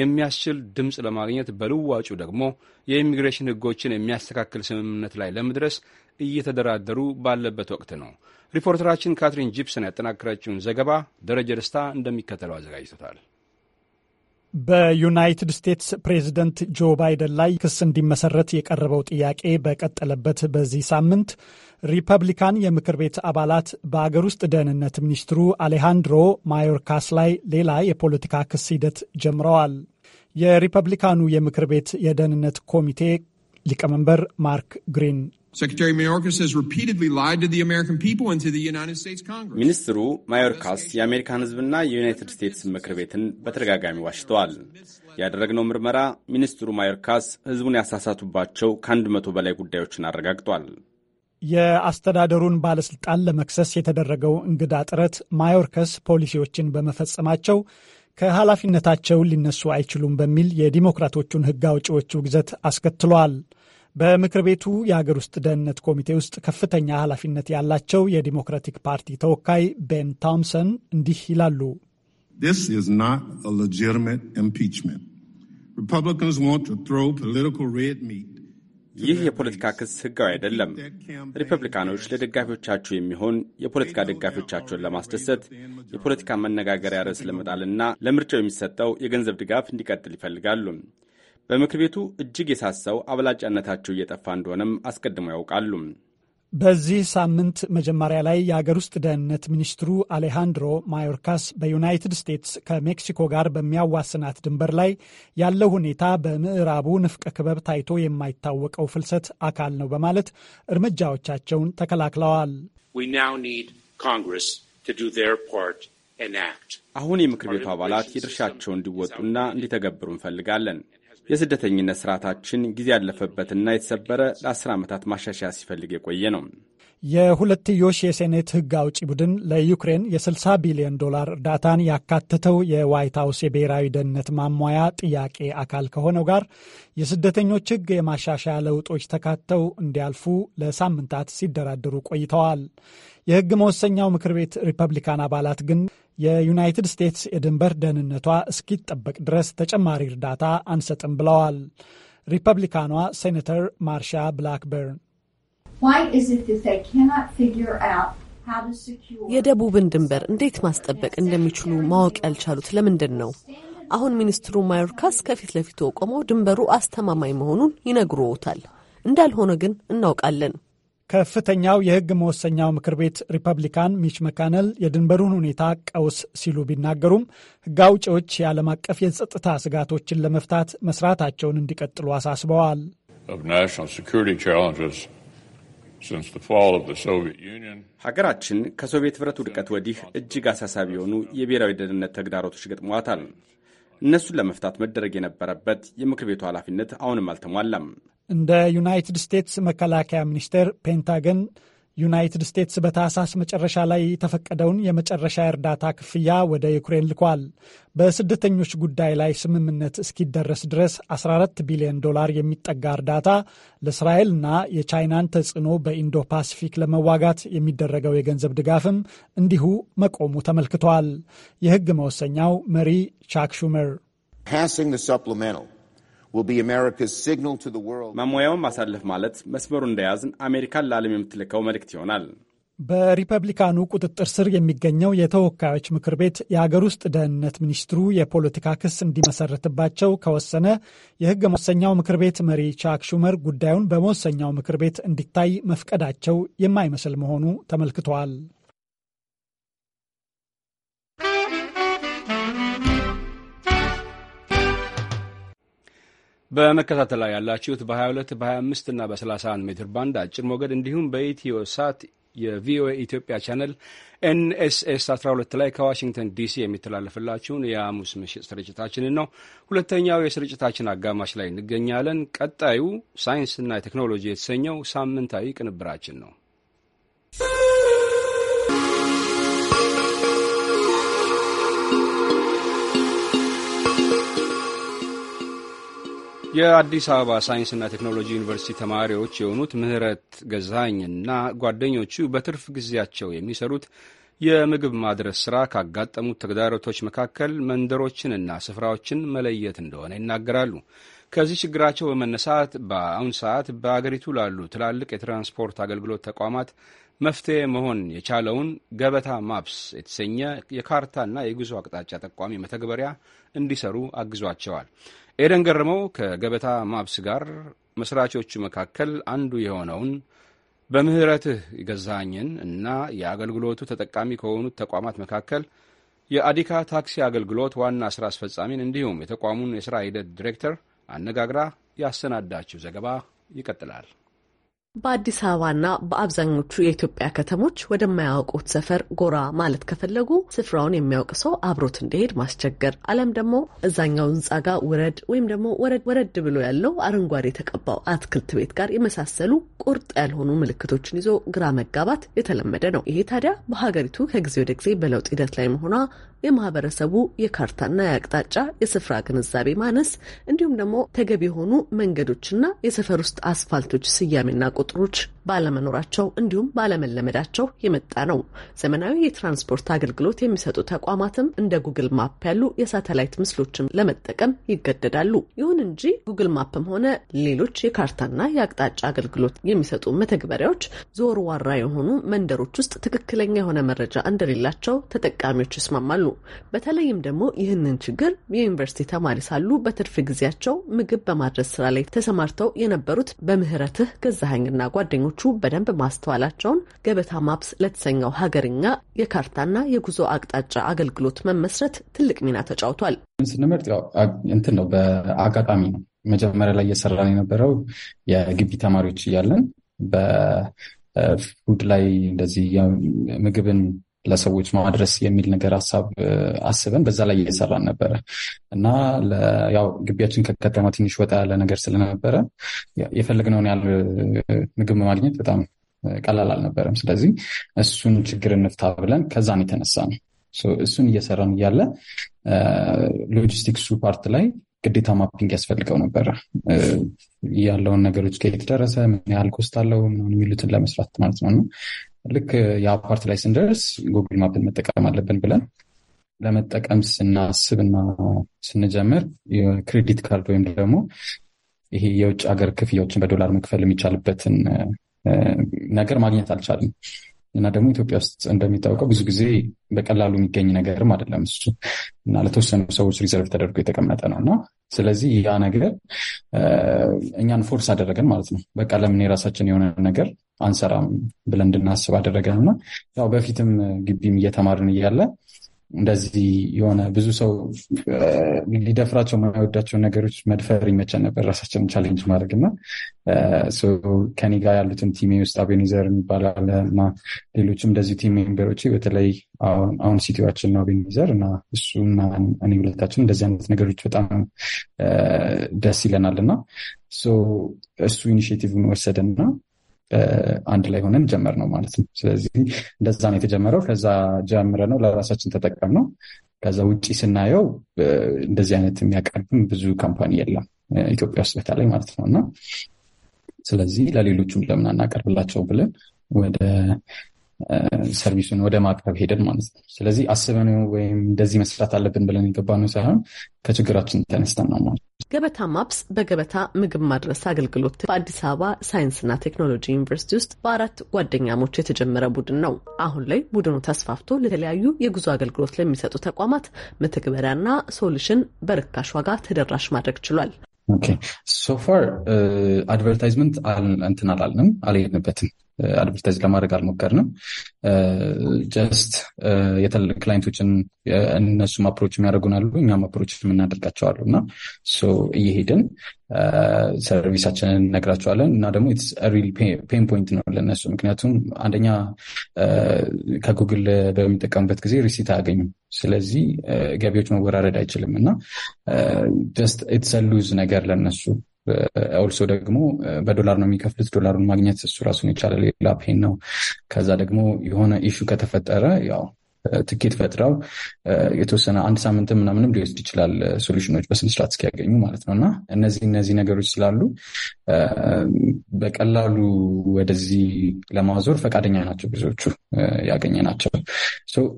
የሚያስችል ድምፅ ለማግኘት በልዋጩ ደግሞ የኢሚግሬሽን ሕጎችን የሚያስተካክል ስምምነት ላይ ለመድረስ እየተደራደሩ ባለበት ወቅት ነው። ሪፖርተራችን ካትሪን ጂፕሰን ያጠናከረችውን ዘገባ ደረጀ ደስታ እንደሚከተለው አዘጋጅቶታል። በዩናይትድ ስቴትስ ፕሬዝደንት ጆ ባይደን ላይ ክስ እንዲመሰረት የቀረበው ጥያቄ በቀጠለበት በዚህ ሳምንት ሪፐብሊካን የምክር ቤት አባላት በአገር ውስጥ ደህንነት ሚኒስትሩ አሌሃንድሮ ማዮርካስ ላይ ሌላ የፖለቲካ ክስ ሂደት ጀምረዋል። የሪፐብሊካኑ የምክር ቤት የደህንነት ኮሚቴ ሊቀመንበር ማርክ ግሪን ሚኒስትሩ ማዮርካስ የአሜሪካን ሕዝብና የዩናይትድ ስቴትስ ምክር ቤትን በተደጋጋሚ ዋሽተዋል። ያደረግነው ምርመራ ሚኒስትሩ ማዮርካስ ሕዝቡን ያሳሳቱባቸው ከአንድ መቶ በላይ ጉዳዮችን አረጋግጧል። የአስተዳደሩን ባለስልጣን ለመክሰስ የተደረገው እንግዳ ጥረት ማዮርከስ ፖሊሲዎችን በመፈጸማቸው ከኃላፊነታቸው ሊነሱ አይችሉም በሚል የዲሞክራቶቹን ሕግ አውጪዎች ውግዘት አስከትሏል። በምክር ቤቱ የሀገር ውስጥ ደህንነት ኮሚቴ ውስጥ ከፍተኛ ኃላፊነት ያላቸው የዲሞክራቲክ ፓርቲ ተወካይ ቤን ታምሰን እንዲህ ይላሉ። ይህ የፖለቲካ ክስ ህጋዊ አይደለም። ሪፐብሊካኖች ለደጋፊዎቻቸው የሚሆን የፖለቲካ ደጋፊዎቻቸውን ለማስደሰት የፖለቲካ መነጋገሪያ ርዕስ ለመጣልና ለምርጫው የሚሰጠው የገንዘብ ድጋፍ እንዲቀጥል ይፈልጋሉ። በምክር ቤቱ እጅግ የሳሰው አብላጫነታቸው እየጠፋ እንደሆነም አስቀድመው ያውቃሉ። በዚህ ሳምንት መጀመሪያ ላይ የአገር ውስጥ ደህንነት ሚኒስትሩ አሌሃንድሮ ማዮርካስ በዩናይትድ ስቴትስ ከሜክሲኮ ጋር በሚያዋስናት ድንበር ላይ ያለው ሁኔታ በምዕራቡ ንፍቀ ክበብ ታይቶ የማይታወቀው ፍልሰት አካል ነው በማለት እርምጃዎቻቸውን ተከላክለዋል። አሁን የምክር ቤቱ አባላት የድርሻቸውን እንዲወጡና እንዲተገብሩ እንፈልጋለን። የስደተኝነት ስርዓታችን ጊዜ ያለፈበትና የተሰበረ ለአስር ዓመታት ማሻሻያ ሲፈልግ የቆየ ነው። የሁለትዮሽ የሴኔት ሕግ አውጪ ቡድን ለዩክሬን የ60 ቢሊዮን ዶላር እርዳታን ያካተተው የዋይት ሀውስ የብሔራዊ ደህንነት ማሟያ ጥያቄ አካል ከሆነው ጋር የስደተኞች ሕግ የማሻሻያ ለውጦች ተካተው እንዲያልፉ ለሳምንታት ሲደራደሩ ቆይተዋል። የሕግ መወሰኛው ምክር ቤት ሪፐብሊካን አባላት ግን የዩናይትድ ስቴትስ የድንበር ደህንነቷ እስኪጠበቅ ድረስ ተጨማሪ እርዳታ አንሰጥም ብለዋል። ሪፐብሊካኗ ሴኔተር ማርሻ ብላክበርን የደቡብን ድንበር እንዴት ማስጠበቅ እንደሚችሉ ማወቅ ያልቻሉት ለምንድን ነው? አሁን ሚኒስትሩ ማዮርካስ ከፊት ለፊቱ ቆመው ድንበሩ አስተማማኝ መሆኑን ይነግሩዎታል። እንዳልሆነ ግን እናውቃለን። ከፍተኛው የህግ መወሰኛው ምክር ቤት ሪፐብሊካን ሚች መካነል የድንበሩን ሁኔታ ቀውስ ሲሉ ቢናገሩም ህግ አውጪዎች የዓለም አቀፍ የጸጥታ ስጋቶችን ለመፍታት መስራታቸውን እንዲቀጥሉ አሳስበዋል። ሀገራችን ከሶቪየት ህብረት ውድቀት ወዲህ እጅግ አሳሳቢ የሆኑ የብሔራዊ ደህንነት ተግዳሮቶች ገጥመዋታል። እነሱን ለመፍታት መደረግ የነበረበት የምክር ቤቱ ኃላፊነት አሁንም አልተሟላም። እንደ ዩናይትድ ስቴትስ መከላከያ ሚኒስቴር ፔንታገን ዩናይትድ ስቴትስ በታህሳስ መጨረሻ ላይ የተፈቀደውን የመጨረሻ እርዳታ ክፍያ ወደ ዩክሬን ልኳል። በስደተኞች ጉዳይ ላይ ስምምነት እስኪደረስ ድረስ 14 ቢሊዮን ዶላር የሚጠጋ እርዳታ ለእስራኤልና የቻይናን ተጽዕኖ በኢንዶ ፓሲፊክ ለመዋጋት የሚደረገው የገንዘብ ድጋፍም እንዲሁ መቆሙ ተመልክቷል። የህግ መወሰኛው መሪ ቻክ ሹመር መሙያውን ማሳለፍ ማለት መስመሩ እንደያዝን አሜሪካን ለዓለም የምትልከው መልእክት ይሆናል። በሪፐብሊካኑ ቁጥጥር ስር የሚገኘው የተወካዮች ምክር ቤት የአገር ውስጥ ደህንነት ሚኒስትሩ የፖለቲካ ክስ እንዲመሰረትባቸው ከወሰነ የህግ መወሰኛው ምክር ቤት መሪ ቻክ ሹመር ጉዳዩን በመወሰኛው ምክር ቤት እንዲታይ መፍቀዳቸው የማይመስል መሆኑ ተመልክተዋል። በመከታተል ላይ ያላችሁት በ22 በ25 እና በ31 ሜትር ባንድ አጭር ሞገድ እንዲሁም በኢትዮ ሳት የቪኦኤ ኢትዮጵያ ቻነል ኤንኤስኤስ 12 ላይ ከዋሽንግተን ዲሲ የሚተላለፍላችሁን የሐሙስ ምሽት ስርጭታችንን ነው። ሁለተኛው የስርጭታችን አጋማሽ ላይ እንገኛለን። ቀጣዩ ሳይንስና ቴክኖሎጂ የተሰኘው ሳምንታዊ ቅንብራችን ነው። የአዲስ አበባ ሳይንስና ቴክኖሎጂ ዩኒቨርሲቲ ተማሪዎች የሆኑት ምህረት ገዛኝና ጓደኞቹ በትርፍ ጊዜያቸው የሚሰሩት የምግብ ማድረስ ሥራ ካጋጠሙት ተግዳሮቶች መካከል መንደሮችንና ስፍራዎችን መለየት እንደሆነ ይናገራሉ። ከዚህ ችግራቸው በመነሳት በአሁን ሰዓት በአገሪቱ ላሉ ትላልቅ የትራንስፖርት አገልግሎት ተቋማት መፍትሄ መሆን የቻለውን ገበታ ማፕስ የተሰኘ የካርታና የጉዞ አቅጣጫ ጠቋሚ መተግበሪያ እንዲሰሩ አግዟቸዋል። ኤደን ገረመው ከገበታ ማብስ ጋር መስራቾቹ መካከል አንዱ የሆነውን በምህረትህ ይገዛኝን እና የአገልግሎቱ ተጠቃሚ ከሆኑት ተቋማት መካከል የአዲካ ታክሲ አገልግሎት ዋና ሥራ አስፈጻሚን እንዲሁም የተቋሙን የሥራ ሂደት ዲሬክተር አነጋግራ ያሰናዳችው ዘገባ ይቀጥላል። በአዲስ አበባና በአብዛኞቹ የኢትዮጵያ ከተሞች ወደማያውቁት ሰፈር ጎራ ማለት ከፈለጉ ስፍራውን የሚያውቅ ሰው አብሮት እንዲሄድ ማስቸገር፣ አለም ደግሞ እዛኛው ህንፃ ጋር ውረድ ወይም ደግሞ ወረድ ብሎ ያለው አረንጓዴ የተቀባው አትክልት ቤት ጋር የመሳሰሉ ቁርጥ ያልሆኑ ምልክቶችን ይዞ ግራ መጋባት የተለመደ ነው። ይሄ ታዲያ በሀገሪቱ ከጊዜ ወደ ጊዜ በለውጥ ሂደት ላይ መሆኗ የማህበረሰቡ የካርታና የአቅጣጫ የስፍራ ግንዛቤ ማነስ እንዲሁም ደግሞ ተገቢ የሆኑ መንገዶችና የሰፈር ውስጥ አስፋልቶች ስያሜና ቁጥሮች ባለመኖራቸው እንዲሁም ባለመለመዳቸው የመጣ ነው። ዘመናዊ የትራንስፖርት አገልግሎት የሚሰጡ ተቋማትም እንደ ጉግል ማፕ ያሉ የሳተላይት ምስሎችን ለመጠቀም ይገደዳሉ። ይሁን እንጂ ጉግል ማፕም ሆነ ሌሎች የካርታና የአቅጣጫ አገልግሎት የሚሰጡ መተግበሪያዎች ዞር ዋራ የሆኑ መንደሮች ውስጥ ትክክለኛ የሆነ መረጃ እንደሌላቸው ተጠቃሚዎች ይስማማሉ። በተለይም ደግሞ ይህንን ችግር የዩኒቨርሲቲ ተማሪ ሳሉ በትርፍ ጊዜያቸው ምግብ በማድረስ ስራ ላይ ተሰማርተው የነበሩት በምህረትህ ገዛሀኝና ጓደኞቹ በደንብ ማስተዋላቸውን ገበታ ማፕስ ለተሰኘው ሀገርኛ የካርታና የጉዞ አቅጣጫ አገልግሎት መመስረት ትልቅ ሚና ተጫውቷል። ስንመርጥ እንትን ነው፣ በአጋጣሚ ነው። መጀመሪያ ላይ እየሰራን የነበረው የግቢ ተማሪዎች እያለን በፉድ ላይ እንደዚህ ምግብን ለሰዎች ማድረስ የሚል ነገር ሀሳብ አስበን በዛ ላይ እየሰራን ነበረ እና ያው ግቢያችን ከከተማ ትንሽ ወጣ ያለ ነገር ስለነበረ የፈለግነውን ያህል ምግብ ማግኘት በጣም ቀላል አልነበረም። ስለዚህ እሱን ችግር እንፍታ ብለን ከዛን የተነሳ ነው እሱን እየሰራን እያለ ሎጂስቲክሱ ፓርት ላይ ግዴታ ማፒንግ ያስፈልገው ነበረ። ያለውን ነገሮች ከየት ደረሰ፣ ምን ያህል ኮስት አለው፣ የሚሉትን ለመስራት ማለት ነው። ልክ የአፓርት ላይ ስንደርስ ጉግል ማፕን መጠቀም አለብን ብለን ለመጠቀም ስናስብና ስንጀምር የክሬዲት ካርድ ወይም ደግሞ ይሄ የውጭ ሀገር ክፍያዎችን በዶላር መክፈል የሚቻልበትን ነገር ማግኘት አልቻለም። እና ደግሞ ኢትዮጵያ ውስጥ እንደሚታወቀው ብዙ ጊዜ በቀላሉ የሚገኝ ነገርም አይደለም እሱ እና ለተወሰኑ ሰዎች ሪዘርቭ ተደርጎ የተቀመጠ ነው እና ስለዚህ ያ ነገር እኛን ፎርስ አደረገን ማለት ነው። በቃ ለምን የራሳችን የሆነ ነገር አንሰራም ብለን እንድናስብ አደረገን እና ያው በፊትም ግቢም እየተማርን እያለ እንደዚህ የሆነ ብዙ ሰው ሊደፍራቸው የማይወዳቸው ነገሮች መድፈር ይመቸን ነበር፣ ራሳችንን ቻሌንጅ ማድረግ እና ከኔ ጋር ያሉትን ቲሜ ውስጥ አቤኒዘር የሚባል አለ እና ሌሎችም እንደዚህ ቲም ሜምበሮች በተለይ አሁን ሲቲዋችን ነው አቤኒዘር እና እሱ እና እኔ ሁለታችን እንደዚህ አይነት ነገሮች በጣም ደስ ይለናል እና እሱ ኢኒሽቲቭን ወሰደና አንድ ላይ ሆነን ጀመር ነው ማለት ነው። ስለዚህ እንደዛ ነው የተጀመረው። ከዛ ጀምረ ነው ለራሳችን ተጠቀም ነው። ከዛ ውጭ ስናየው እንደዚህ አይነት የሚያቀርብም ብዙ ካምፓኒ የለም ኢትዮጵያ ውስጥ በተለይ ማለት ነው እና ስለዚህ ለሌሎቹም ለምን አናቀርብላቸው ብለን ወደ ሰርቪሱን ወደ ማቅረብ ሄደን ማለት ነው። ስለዚህ አስበን ወይም እንደዚህ መስራት አለብን ብለን የገባነው ሳይሆን ከችግራችን ተነስተን ነው ማለት ነው። ገበታ ማፕስ በገበታ ምግብ ማድረስ አገልግሎት በአዲስ አበባ ሳይንስና ቴክኖሎጂ ዩኒቨርሲቲ ውስጥ በአራት ጓደኛሞች የተጀመረ ቡድን ነው። አሁን ላይ ቡድኑ ተስፋፍቶ ለተለያዩ የጉዞ አገልግሎት ለሚሰጡ ተቋማት መተግበሪያና ሶሉሽን በርካሽ ዋጋ ተደራሽ ማድረግ ችሏል። ሶፋር uh, አድቨርታይዝመንት እንትን አላልንም፣ አልሄድንበትም አድቨርታይዝ ለማድረግ አልሞከርንም። ጀስት ክላይንቶችን እነሱም አፕሮች የሚያደርጉን አሉ፣ እኛም አፕሮች የምናደርጋቸው አሉ እና እየሄድን ሰርቪሳችንን እነግራቸዋለን እና ደግሞ ሪል ፔን ፖይንት ነው ለእነሱ። ምክንያቱም አንደኛ ከጉግል በሚጠቀሙበት ጊዜ ሪሲት አያገኙም። ስለዚህ ገቢዎች መወራረድ አይችልም እና ጀስት ኢትስ ሉዝ ነገር ለነሱ ኦልሶ ደግሞ በዶላር ነው የሚከፍሉት። ዶላሩን ማግኘት እሱ ራሱን የቻለ ሌላ ፔን ነው። ከዛ ደግሞ የሆነ ኢሹ ከተፈጠረ ያው ትኬት ፈጥረው የተወሰነ አንድ ሳምንት ምናምንም ሊወስድ ይችላል ሶሉሽኖች በስነስርዓት እስኪያገኙ ማለት ነው እና እነዚህ እነዚህ ነገሮች ስላሉ በቀላሉ ወደዚህ ለማዞር ፈቃደኛ ናቸው ብዙዎቹ ያገኘ ናቸው።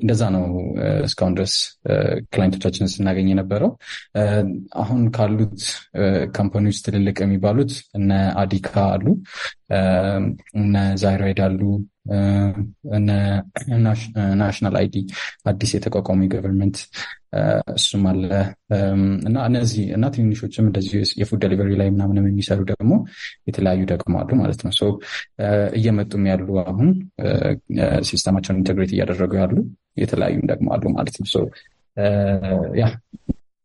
እንደዛ ነው እስካሁን ድረስ ክላይንቶቻችንን ስናገኝ የነበረው። አሁን ካሉት ካምፓኒዎች ትልልቅ የሚባሉት እነ አዲካ አሉ፣ እነ ዛይሮይድ አሉ፣ ናሽናል አይዲ አዲስ የተቋቋመ ገቨርንመንት እሱም አለ እና እነዚህ እና ትንንሾችም እንደዚህ የፉድ ደሊቨሪ ላይ ምናምንም የሚሰሩ ደግሞ የተለያዩ ደግሞ አሉ ማለት ነው። እየመጡም ያሉ አሁን ሲስተማቸውን ኢንተግሬት እያደረጉ ያሉ የተለያዩም ደግሞ አሉ ማለት ነው። ያ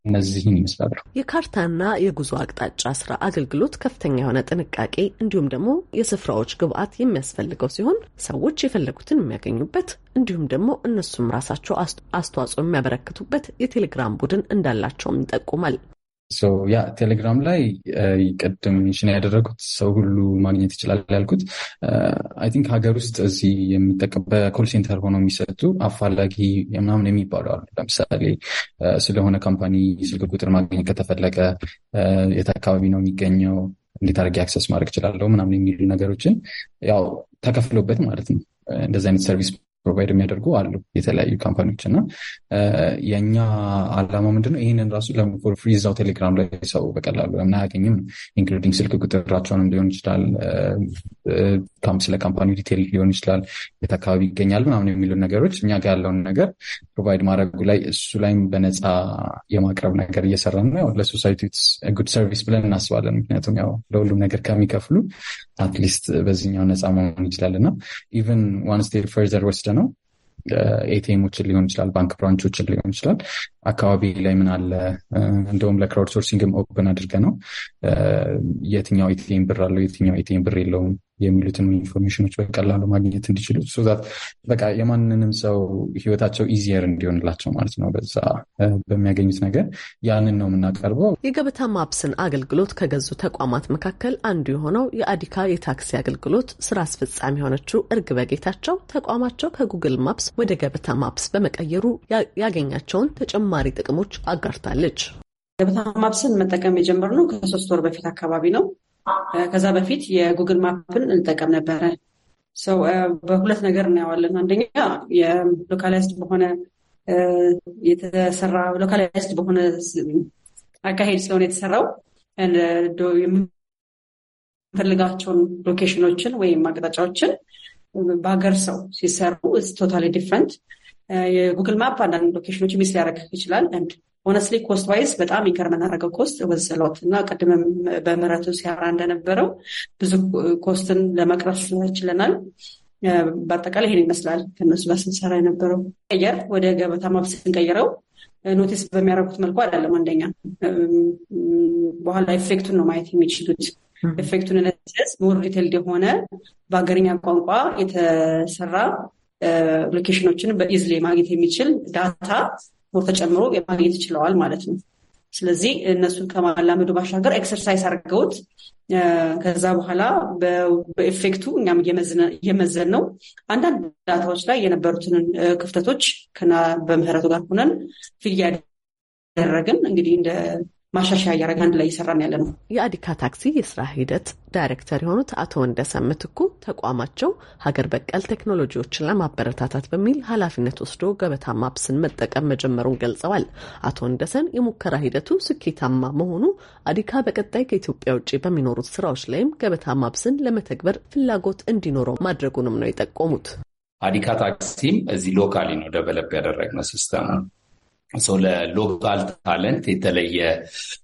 እነዚህን ይመስላሉ። የካርታና የጉዞ አቅጣጫ ስራ አገልግሎት ከፍተኛ የሆነ ጥንቃቄ እንዲሁም ደግሞ የስፍራዎች ግብዓት የሚያስፈልገው ሲሆን ሰዎች የፈለጉትን የሚያገኙበት እንዲሁም ደግሞ እነሱም ራሳቸው አስተዋጽኦ የሚያበረክቱበት የቴሌግራም ቡድን እንዳላቸውም ይጠቁማል። ያ ቴሌግራም ላይ uh, ቅድም ሽን ያደረጉት ሰው ሁሉ ማግኘት ይችላል ያልኩት አይ uh, ቲንክ ሀገር ውስጥ እዚህ የሚጠቀም በኮል ሴንተር ሆነው የሚሰጡ አፋላጊ ምናምን የሚባሉ አሉ። ለምሳሌ uh, ስለሆነ ካምፓኒ ስልክ ቁጥር ማግኘት ከተፈለገ የት አካባቢ ነው የሚገኘው፣ እንዴት አድርጌ አክሰስ ማድረግ እችላለሁ ምናምን የሚሉ ነገሮችን ያው ተከፍሎበት ማለት ነው እንደዚህ አይነት ሰርቪስ ፕሮቫይድ የሚያደርጉ አሉ የተለያዩ ካምፓኒዎች እና የእኛ አላማ ምንድነው? ይህንን ራሱ ለምፎር ፍሪ እዛው ቴሌግራም ላይ ሰው በቀላሉ ለምን አያገኝም? ኢንክሉዲንግ ስልክ ቁጥራቸውንም ሊሆን ይችላል፣ ስለ ካምፓኒ ዲቴል ሊሆን ይችላል፣ የት አካባቢ ይገኛል ምናምን የሚሉ ነገሮች እኛ ጋር ያለውን ነገር ፕሮቫይድ ማድረጉ ላይ እሱ ላይም በነፃ የማቅረብ ነገር እየሰራ ነው። ለሶሳይቲ ጉድ ሰርቪስ ብለን እናስባለን። ምክንያቱም ያው ለሁሉም ነገር ከሚከፍሉ አትሊስት በዚህኛው ነፃ መሆን ይችላል እና ኢቨን ዋን ስቴፕ ፈርዘር ወስደ ነው ኤቲኤሞችን ሊሆን ይችላል፣ ባንክ ብራንቾችን ሊሆን ይችላል አካባቢ ላይ ምን አለ እንደውም ለክራውድ ሶርሲንግም ኦፕን አድርገ ነው የትኛው ኤቲኤም ብር አለው የትኛው ኤቲኤም ብር የለውም የሚሉትን ኢንፎርሜሽኖች በቀላሉ ማግኘት እንዲችሉ ሶዛት በቃ የማንንም ሰው ህይወታቸው ኢዚየር እንዲሆንላቸው ማለት ነው። በዛ በሚያገኙት ነገር ያንን ነው የምናቀርበው። የገበታ ማፕስን አገልግሎት ከገዙ ተቋማት መካከል አንዱ የሆነው የአዲካ የታክሲ አገልግሎት ስራ አስፈጻሚ የሆነችው እርግ በጌታቸው ተቋማቸው ከጉግል ማፕስ ወደ ገበታ ማፕስ በመቀየሩ ያገኛቸውን ተጨማ ተጨማሪ ጥቅሞች አጋርታለች። ገበታ ማፕስን መጠቀም የጀመርነው ከሶስት ወር በፊት አካባቢ ነው። ከዛ በፊት የጉግል ማፕን እንጠቀም ነበረ። ሰው በሁለት ነገር እናየዋለን። አንደኛ የሎካላይዝድ በሆነ የተሰራ ሎካላይዝድ በሆነ አካሄድ ስለሆነ የተሰራው የምንፈልጋቸውን ሎኬሽኖችን ወይም አቅጣጫዎችን በሀገር ሰው ሲሰሩ ቶታሊ ዲፍረንት የጉግል ማፕ አንዳንድ ሎኬሽኖች ሚስ ሊያደርግ ይችላል። አንድ ሆነስሊ ኮስት ዋይስ በጣም ኢንከር የምናደርገው ኮስት ወዘሎት እና ቅድም በምረቱ ሲያራ እንደነበረው ብዙ ኮስትን ለመቅረፍ ችለናል። በአጠቃላይ ይሄን ይመስላል ከነሱ ጋር ስንሰራ የነበረው ቀየር ወደ ገበታ ማፕ ስንቀይረው ኖቲስ በሚያደርጉት መልኩ አይደለም። አንደኛ በኋላ ኤፌክቱን ነው ማየት የሚችሉት። ኤፌክቱን ለስ ሞር ዲቴልድ የሆነ በሀገርኛ ቋንቋ የተሰራ ሎኬሽኖችን በኢዝሌ ማግኘት የሚችል ዳታ ሞር ተጨምሮ ማግኘት ይችለዋል ማለት ነው። ስለዚህ እነሱን ከማላመዱ ባሻገር ኤክሰርሳይዝ አድርገውት ከዛ በኋላ በኤፌክቱ እኛም እየመዘን ነው። አንዳንድ ዳታዎች ላይ የነበሩትን ክፍተቶች ከና በምህረቱ ጋር ሆነን ፊል ያደረግን እንግዲህ እንደ ማሻሻያ እያደረገ አንድ ላይ እየሰራን ያለ ነው። የአዲካ ታክሲ የስራ ሂደት ዳይሬክተር የሆኑት አቶ ወንደሰን ምትኩ ተቋማቸው ሀገር በቀል ቴክኖሎጂዎችን ለማበረታታት በሚል ኃላፊነት ወስዶ ገበታ ማፕስን መጠቀም መጀመሩን ገልጸዋል። አቶ ወንደሰን የሙከራ ሂደቱ ስኬታማ መሆኑ አዲካ በቀጣይ ከኢትዮጵያ ውጭ በሚኖሩት ስራዎች ላይም ገበታ ማፕስን ለመተግበር ፍላጎት እንዲኖረው ማድረጉንም ነው የጠቆሙት። አዲካ ታክሲም እዚህ ሎካሊ ነው ደቨለፕ ያደረግነው ሲስተሙ ሰው ለሎካል ታለንት የተለየ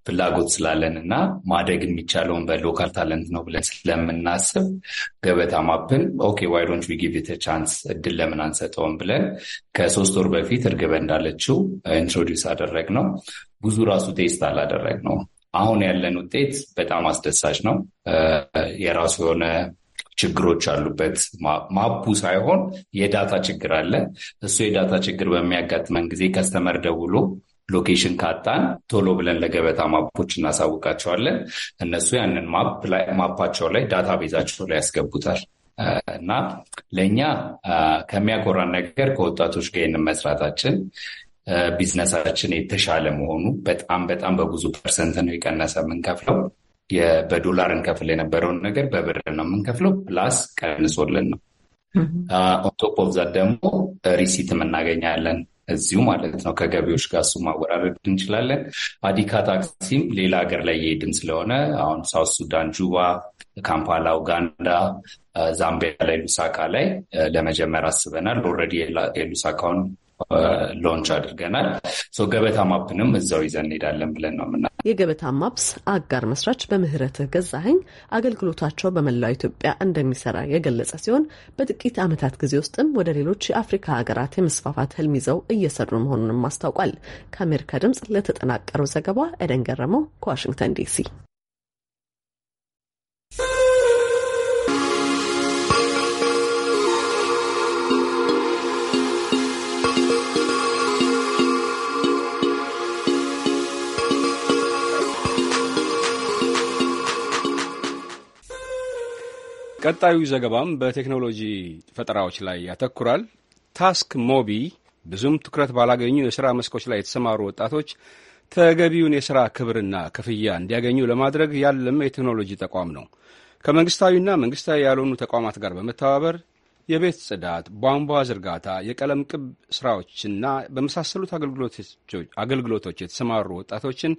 ፍላጎት ስላለን እና ማደግ የሚቻለውን በሎካል ታለንት ነው ብለን ስለምናስብ ገበታ ማፕን ኦኬ ዋይዶንች ጊቭ ኢት ቻንስ እድል ለምን አንሰጠውም ብለን ከሶስት ወር በፊት እርግበ እንዳለችው ኢንትሮዲውስ አደረግ ነው። ብዙ ራሱ ቴስት አላደረግ ነው። አሁን ያለን ውጤት በጣም አስደሳች ነው። የራሱ የሆነ ችግሮች አሉበት። ማፑ ሳይሆን የዳታ ችግር አለ። እሱ የዳታ ችግር በሚያጋጥመን ጊዜ ከስተመር ደውሎ ሎኬሽን ካጣን ቶሎ ብለን ለገበታ ማፖች እናሳውቃቸዋለን። እነሱ ያንን ማፓቸው ላይ ዳታ ቤዛቸው ላይ ያስገቡታል። እና ለእኛ ከሚያኮራን ነገር ከወጣቶች ጋር ይህንን መስራታችን ቢዝነሳችን የተሻለ መሆኑ በጣም በጣም በብዙ ፐርሰንት ነው የቀነሰ የምንከፍለው በዶላር እንከፍል የነበረውን ነገር በብር ነው የምንከፍለው፣ ፕላስ ቀንሶልን ነው። ኦንቶፕ ኦፍ ዛት ደግሞ ሪሲትም እናገኛለን እዚሁ ማለት ነው። ከገቢዎች ጋር እሱ ማወራረድ እንችላለን። አዲካ ታክሲም ሌላ ሀገር ላይ የሄድን ስለሆነ አሁን ሳውት ሱዳን፣ ጁባ፣ ካምፓላ፣ ኡጋንዳ፣ ዛምቢያ ላይ ሉሳካ ላይ ለመጀመር አስበናል። ኦልሬዲ የሉሳካውን ሎንች አድርገናል። ገበታ ማፕንም እዛው ይዘን እንሄዳለን ብለን ነው ምና የገበታ ማፕስ አጋር መስራች በምህረትህ ገዛኸኝ አገልግሎታቸው በመላው ኢትዮጵያ እንደሚሰራ የገለጸ ሲሆን በጥቂት ዓመታት ጊዜ ውስጥም ወደ ሌሎች የአፍሪካ ሀገራት የመስፋፋት ህልም ይዘው እየሰሩ መሆኑንም አስታውቋል። ከአሜሪካ ድምጽ ለተጠናቀረው ዘገባ ኤደን ገረመው ከዋሽንግተን ዲሲ ቀጣዩ ዘገባም በቴክኖሎጂ ፈጠራዎች ላይ ያተኩራል። ታስክ ሞቢ ብዙም ትኩረት ባላገኙ የሥራ መስኮች ላይ የተሰማሩ ወጣቶች ተገቢውን የሥራ ክብርና ክፍያ እንዲያገኙ ለማድረግ ያለም የቴክኖሎጂ ተቋም ነው። ከመንግሥታዊና መንግሥታዊ ያልሆኑ ተቋማት ጋር በመተባበር የቤት ጽዳት፣ ቧንቧ ዝርጋታ፣ የቀለም ቅብ ሥራዎችና በመሳሰሉት አገልግሎቶች የተሰማሩ ወጣቶችን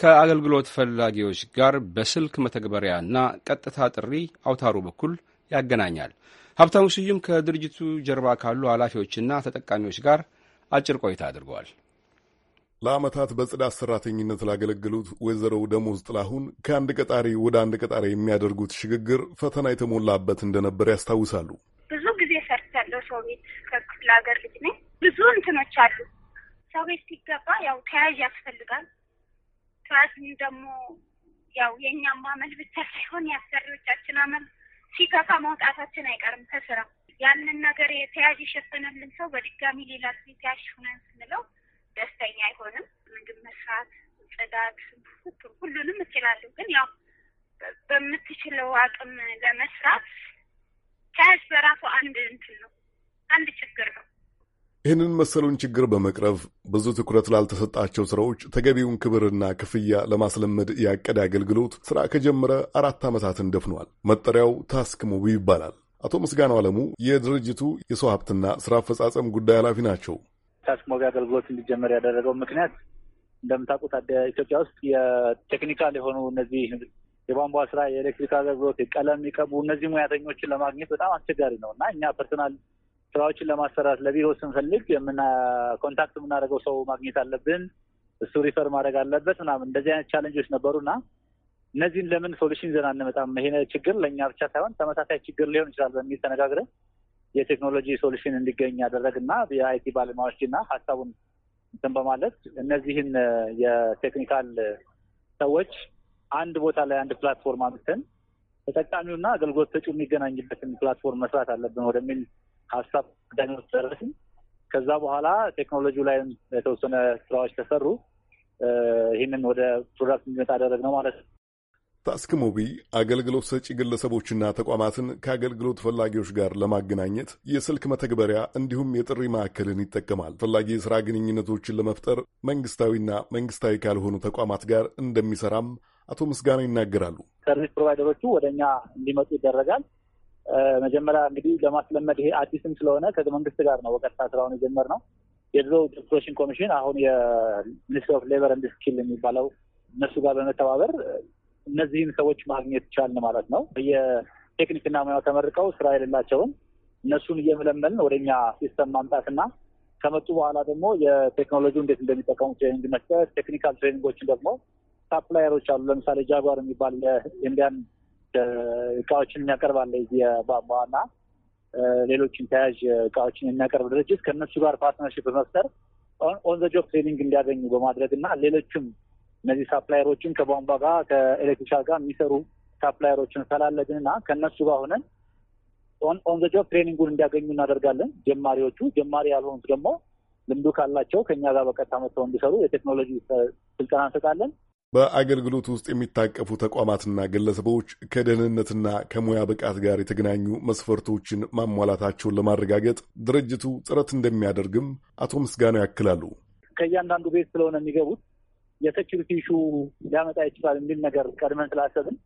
ከአገልግሎት ፈላጊዎች ጋር በስልክ መተግበሪያና ቀጥታ ጥሪ አውታሩ በኩል ያገናኛል። ሀብታሙ ስዩም ከድርጅቱ ጀርባ ካሉ ኃላፊዎችና ተጠቃሚዎች ጋር አጭር ቆይታ አድርገዋል። ለዓመታት በጽዳት ሠራተኝነት ላገለገሉት ወይዘሮ ደሞዝ ጥላሁን ከአንድ ቀጣሪ ወደ አንድ ቀጣሪ የሚያደርጉት ሽግግር ፈተና የተሞላበት እንደነበር ያስታውሳሉ። ብዙ ጊዜ ሰርቻለሁ። ሰው ቤት ከክፍለ ሀገር ልጅ ነኝ። ብዙ እንትኖች አሉ። ሰው ቤት ሲገባ ያው ተያዥ ያስፈልጋል። ጥራትም ደግሞ ያው የእኛም አመል ብቻ ሳይሆን የአሰሪዎቻችን አመል ሲከፋ መውጣታችን አይቀርም ከስራ ያንን ነገር የተያዥ የሸፈነልን ሰው በድጋሚ ሌላ ጊዜ ተያዥ ሆነን ስንለው ደስተኛ አይሆንም። ምግብ መስራት፣ ጽዳት፣ ሁሉንም እችላለሁ፣ ግን ያው በምትችለው አቅም ለመስራት ተያዥ በራሱ አንድ እንትን ነው፣ አንድ ችግር ነው። ይህንን መሰሉን ችግር በመቅረፍ ብዙ ትኩረት ላልተሰጣቸው ስራዎች ተገቢውን ክብርና ክፍያ ለማስለመድ ያቀደ አገልግሎት ስራ ከጀመረ አራት ዓመታትን ደፍኗል። መጠሪያው ታስክ ሙቪ ይባላል። አቶ ምስጋናው አለሙ የድርጅቱ የሰው ሀብትና ስራ አፈጻጸም ጉዳይ ኃላፊ ናቸው። ታስክ ሙቪ አገልግሎት እንዲጀመር ያደረገው ምክንያት እንደምታውቁት ኢትዮጵያ ውስጥ የቴክኒካል የሆኑ እነዚህ የቧንቧ ስራ፣ የኤሌክትሪክ አገልግሎት፣ ቀለም ይቀቡ እነዚህ ሙያተኞችን ለማግኘት በጣም አስቸጋሪ ነው እና እኛ ፐርሰናል ስራዎችን ለማሰራት ለቢሮ ስንፈልግ የምና ኮንታክት የምናደርገው ሰው ማግኘት አለብን። እሱ ሪፈር ማድረግ አለበት ምናምን እንደዚህ አይነት ቻለንጆች ነበሩ እና እነዚህን ለምን ሶሉሽን ይዘን አንመጣም? ይሄ ችግር ለእኛ ብቻ ሳይሆን ተመሳሳይ ችግር ሊሆን ይችላል በሚል ተነጋግረን የቴክኖሎጂ ሶሉሽን እንዲገኝ ያደረግና የአይቲ ባለሙያዎችና ሀሳቡን እንትን በማለት እነዚህን የቴክኒካል ሰዎች አንድ ቦታ ላይ አንድ ፕላትፎርም አምጥተን ተጠቃሚውና አገልግሎት ሰጪው የሚገናኝበትን ፕላትፎርም መስራት አለብን ወደሚል ሀሳብ ዳኞች ደረስን። ከዛ በኋላ ቴክኖሎጂው ላይም የተወሰነ ስራዎች ተሰሩ። ይህንን ወደ ፕሮዳክት እንዲመጣ ያደረግ ነው ማለት ነው። ታስክ ሞቢ አገልግሎት ሰጪ ግለሰቦችና ተቋማትን ከአገልግሎት ፈላጊዎች ጋር ለማገናኘት የስልክ መተግበሪያ እንዲሁም የጥሪ ማዕከልን ይጠቀማል። ፈላጊ የስራ ግንኙነቶችን ለመፍጠር መንግስታዊና መንግስታዊ ካልሆኑ ተቋማት ጋር እንደሚሰራም አቶ ምስጋና ይናገራሉ። ሰርቪስ ፕሮቫይደሮቹ ወደ እኛ እንዲመጡ ይደረጋል። መጀመሪያ እንግዲህ ለማስለመድ ይሄ አዲስም ስለሆነ መንግስት ጋር ነው በቀጥታ ስራውን የጀመርነው። የድሮ ፕሮሽን ኮሚሽን አሁን የሚኒስትር ኦፍ ሌበር ኤንድ ስኪል የሚባለው እነሱ ጋር በመተባበር እነዚህን ሰዎች ማግኘት ቻልን ማለት ነው። የቴክኒክና ሙያው ተመርቀው ስራ የሌላቸውን እነሱን እየመለመልን ወደኛ ሲስተም ማምጣትና ከመጡ በኋላ ደግሞ የቴክኖሎጂ እንዴት እንደሚጠቀሙ ትሬኒንግ መስጠት፣ ቴክኒካል ትሬኒንጎችን ደግሞ ሳፕላየሮች አሉ። ለምሳሌ ጃጓር የሚባል የኢንዲያን እቃዎችን የሚያቀርባለ የቧንቧ እና ሌሎችን ተያዥ እቃዎችን የሚያቀርብ ድርጅት ከእነሱ ጋር ፓርትነርሽፕ በመፍጠር ኦን ዘ ጆብ ትሬኒንግ እንዲያገኙ በማድረግ እና ሌሎችም እነዚህ ሳፕላየሮችን ከቧንቧ ጋር ከኤሌክትሪሻል ጋር የሚሰሩ ሳፕላየሮችን ፈላለን እና ከእነሱ ጋር ሆነን ኦን ዘ ጆብ ትሬኒንጉን እንዲያገኙ እናደርጋለን። ጀማሪዎቹ ጀማሪ ያልሆኑት ደግሞ ልምዱ ካላቸው ከእኛ ጋር በቀጥታ መጥተው እንዲሰሩ የቴክኖሎጂ ስልጠና እንሰጣለን። በአገልግሎት ውስጥ የሚታቀፉ ተቋማትና ግለሰቦች ከደህንነትና ከሙያ ብቃት ጋር የተገናኙ መስፈርቶችን ማሟላታቸውን ለማረጋገጥ ድርጅቱ ጥረት እንደሚያደርግም አቶ ምስጋናው ያክላሉ። ከእያንዳንዱ ቤት ስለሆነ የሚገቡት የሴኪሪቲ ኢሹ ሊያመጣ ይችላል የሚል ነገር ቀድመን ስላሰብን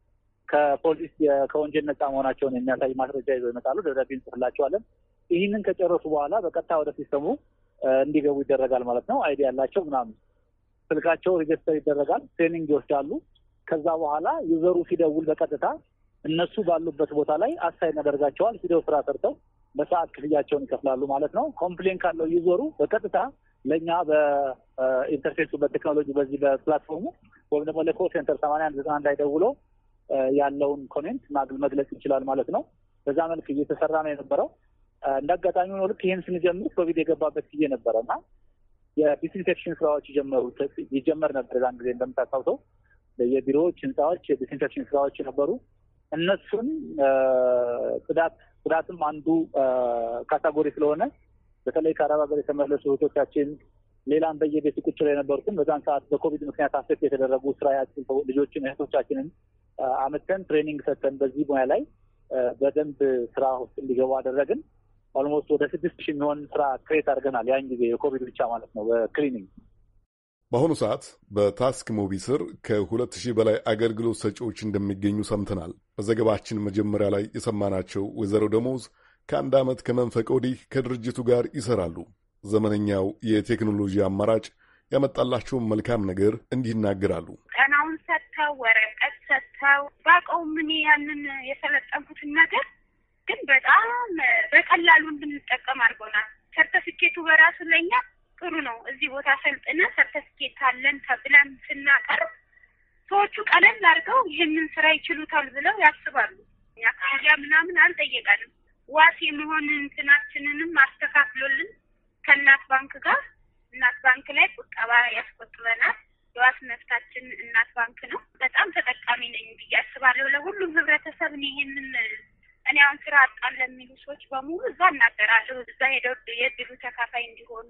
ከፖሊስ ከወንጀል ነፃ መሆናቸውን የሚያሳይ ማስረጃ ይዘው ይመጣሉ። ደብዳቤ እንጽፍላቸዋለን። ይህንን ከጨረሱ በኋላ በቀጥታ ወደ ሲስተሙ እንዲገቡ ይደረጋል ማለት ነው። አይዲ ያላቸው ምናምን ስልካቸው ሬጅስተር ይደረጋል። ትሬኒንግ ይወስዳሉ። ከዛ በኋላ ዩዘሩ ሲደውል በቀጥታ እነሱ ባሉበት ቦታ ላይ አሳይ ያደርጋቸዋል። ሂደው ስራ ሰርተው በሰዓት ክፍያቸውን ይከፍላሉ ማለት ነው። ኮምፕሌን ካለው ዩዘሩ በቀጥታ ለእኛ በኢንተርፌሱ በቴክኖሎጂ በዚህ በፕላትፎርሙ ወይም ደግሞ ለኮ ሴንተር ሰማንያ አንድ ዘጠና ላይ ደውሎ ያለውን ኮሜንት መግለጽ ይችላል ማለት ነው። በዛ መልክ እየተሰራ ነው የነበረው። እንደ አጋጣሚ ሆኖ ልክ ይህን ስንጀምር ኮቪድ የገባበት ጊዜ ነበረ እና የዲስኢንፌክሽን ስራዎች ጀመሩ ይጀመር ነበር። ዛን ጊዜ እንደምታስታውሰው የቢሮዎች፣ ህንፃዎች የዲስኢንፌክሽን ስራዎች ነበሩ። እነሱን ጽዳት ጽዳትም አንዱ ካታጎሪ ስለሆነ በተለይ ከአረብ ሀገር የተመለሱ እህቶቻችን ሌላም በየቤት ቁጭ ላይ የነበሩትም በዛን ሰዓት በኮቪድ ምክንያት አፌክት የተደረጉ ስራ ያጡን ልጆችን እህቶቻችንን አመተን ትሬኒንግ ሰጥተን በዚህ ሙያ ላይ በደንብ ስራ ውስጥ እንዲገቡ አደረግን። ኦልሞስት ወደ ስድስት ሺህ የሚሆን ስራ ክሬት አድርገናል። ያን ጊዜ የኮቪድ ብቻ ማለት ነው በክሊኒንግ በአሁኑ ሰዓት በታስክ ሞቢ ስር ከሁለት ሺህ በላይ አገልግሎት ሰጪዎች እንደሚገኙ ሰምተናል። በዘገባችን መጀመሪያ ላይ የሰማናቸው ወይዘሮ ደሞዝ ከአንድ ዓመት ከመንፈቅ ወዲህ ከድርጅቱ ጋር ይሰራሉ። ዘመነኛው የቴክኖሎጂ አማራጭ ያመጣላቸውን መልካም ነገር እንዲህ ይናገራሉ። ቀናውን ሰጥተው ወረቀት ሰጥተው ባቀው ምን ያንን የሰለጠንኩትን ነገር ግን በጣም በቀላሉ እንድንጠቀም አድርጎናል። ሰርተፍኬቱ በራሱ ለኛ ጥሩ ነው። እዚህ ቦታ ሰልጥነ ሰርተፍኬት አለን ተብለን ስናቀርብ ሰዎቹ ቀለል አድርገው ይህንን ስራ ይችሉታል ብለው ያስባሉ። እኛ ክፍያ ምናምን አልጠየቀንም። ዋስ የመሆን እንትናችንንም አስተካክሎልን ከእናት ባንክ ጋር እናት ባንክ ላይ ቁጠባ ያስቆጥበናል። የዋስ መፍታችን እናት ባንክ ነው። በጣም ተጠቃሚ ነኝ ብዬ አስባለሁ። ለሁሉም ህብረተሰብ ይህንን እኔ አሁን ስራ አጣን ለሚሉ ሰዎች በሙሉ እዛ እናገራለሁ። እዛ ሄደው የድሉ ተካፋይ እንዲሆኑ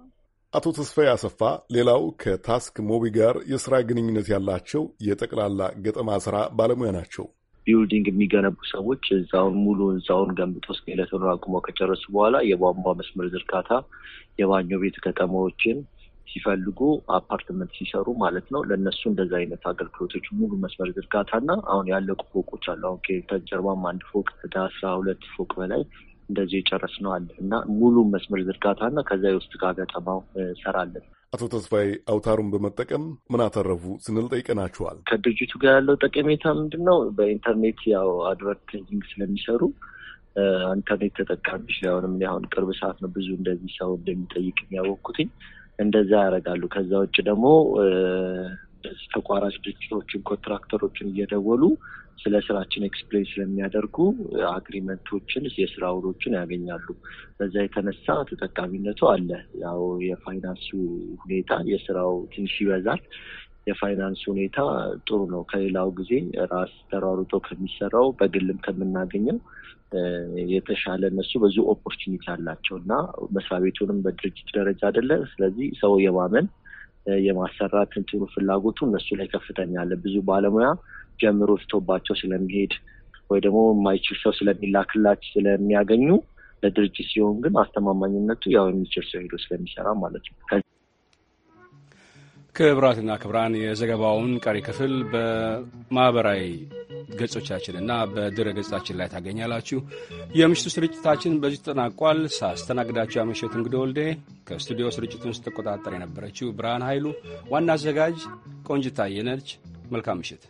አቶ ተስፋዬ አሰፋ ሌላው ከታስክ ሞቢ ጋር የስራ ግንኙነት ያላቸው የጠቅላላ ገጠማ ስራ ባለሙያ ናቸው። ቢልዲንግ የሚገነቡ ሰዎች እዛውን ሙሉ እዛውን ገንብቶ ስኬለቱን አቁሞ ከጨረሱ በኋላ የቧንቧ መስመር ዝርጋታ፣ የባኞ ቤት ገጠማዎችን ሲፈልጉ አፓርትመንት ሲሰሩ ማለት ነው ለእነሱ እንደዚ አይነት አገልግሎቶች ሙሉ መስመር ዝርጋታና አሁን ያለቁ ፎቆች አሉ። አሁን ከጀርባም አንድ ፎቅ ወደ አስራ ሁለት ፎቅ በላይ እንደዚህ የጨረስ ነው አለ እና ሙሉ መስመር ዝርጋታና ከዛ የውስጥ ጋር ገጠማው ሰራለን። አቶ ተስፋዬ አውታሩን በመጠቀም ምን አተረፉ ስንል ጠይቀናቸዋል። ከድርጅቱ ጋር ያለው ጠቀሜታ ምንድን ነው? በኢንተርኔት ያው አድቨርታይዚንግ ስለሚሰሩ ኢንተርኔት ተጠቃሚ ስለሆነ አሁን ቅርብ ሰዓት ነው ብዙ እንደዚህ ሰው እንደሚጠይቅ የሚያወቅኩትኝ እንደዛ ያደርጋሉ። ከዛ ውጭ ደግሞ ተቋራጭ ድርጅቶችን ኮንትራክተሮችን እየደወሉ ስለ ስራችን ኤክስፕሌን ስለሚያደርጉ አግሪመንቶችን የስራ ውሎችን ያገኛሉ። በዛ የተነሳ ተጠቃሚነቱ አለ። ያው የፋይናንሱ ሁኔታ የስራው ትንሽ ይበዛል። የፋይናንስ ሁኔታ ጥሩ ነው። ከሌላው ጊዜ ራስ ተሯሩጦ ከሚሰራው በግልም ከምናገኘው የተሻለ እነሱ ብዙ ኦፖርቹኒቲ አላቸው እና መስሪያ ቤቱንም በድርጅት ደረጃ አይደለ። ስለዚህ ሰው የማመን የማሰራት እንትኑ ፍላጎቱ እነሱ ላይ ከፍተኛ አለ። ብዙ ባለሙያ ጀምሮ ትቶባቸው ስለሚሄድ ወይ ደግሞ የማይችል ሰው ስለሚላክላች ስለሚያገኙ ለድርጅት ሲሆን ግን አስተማማኝነቱ ያው የሚችል ሰው ሄዶ ስለሚሰራ ማለት ነው። ክብራትና ክብራን የዘገባውን ቀሪ ክፍል በማኅበራዊ ገጾቻችንና በድረ ገጻችን ላይ ታገኛላችሁ። የምሽቱ ስርጭታችን በዚህ ተጠናቋል። ሳስተናግዳችሁ ያመሸት እንግዳ ወልዴ፣ ከስቱዲዮ ስርጭቱን ስትቆጣጠር የነበረችው ብርሃን ኃይሉ፣ ዋና አዘጋጅ ቆንጅታ የነች። መልካም ምሽት።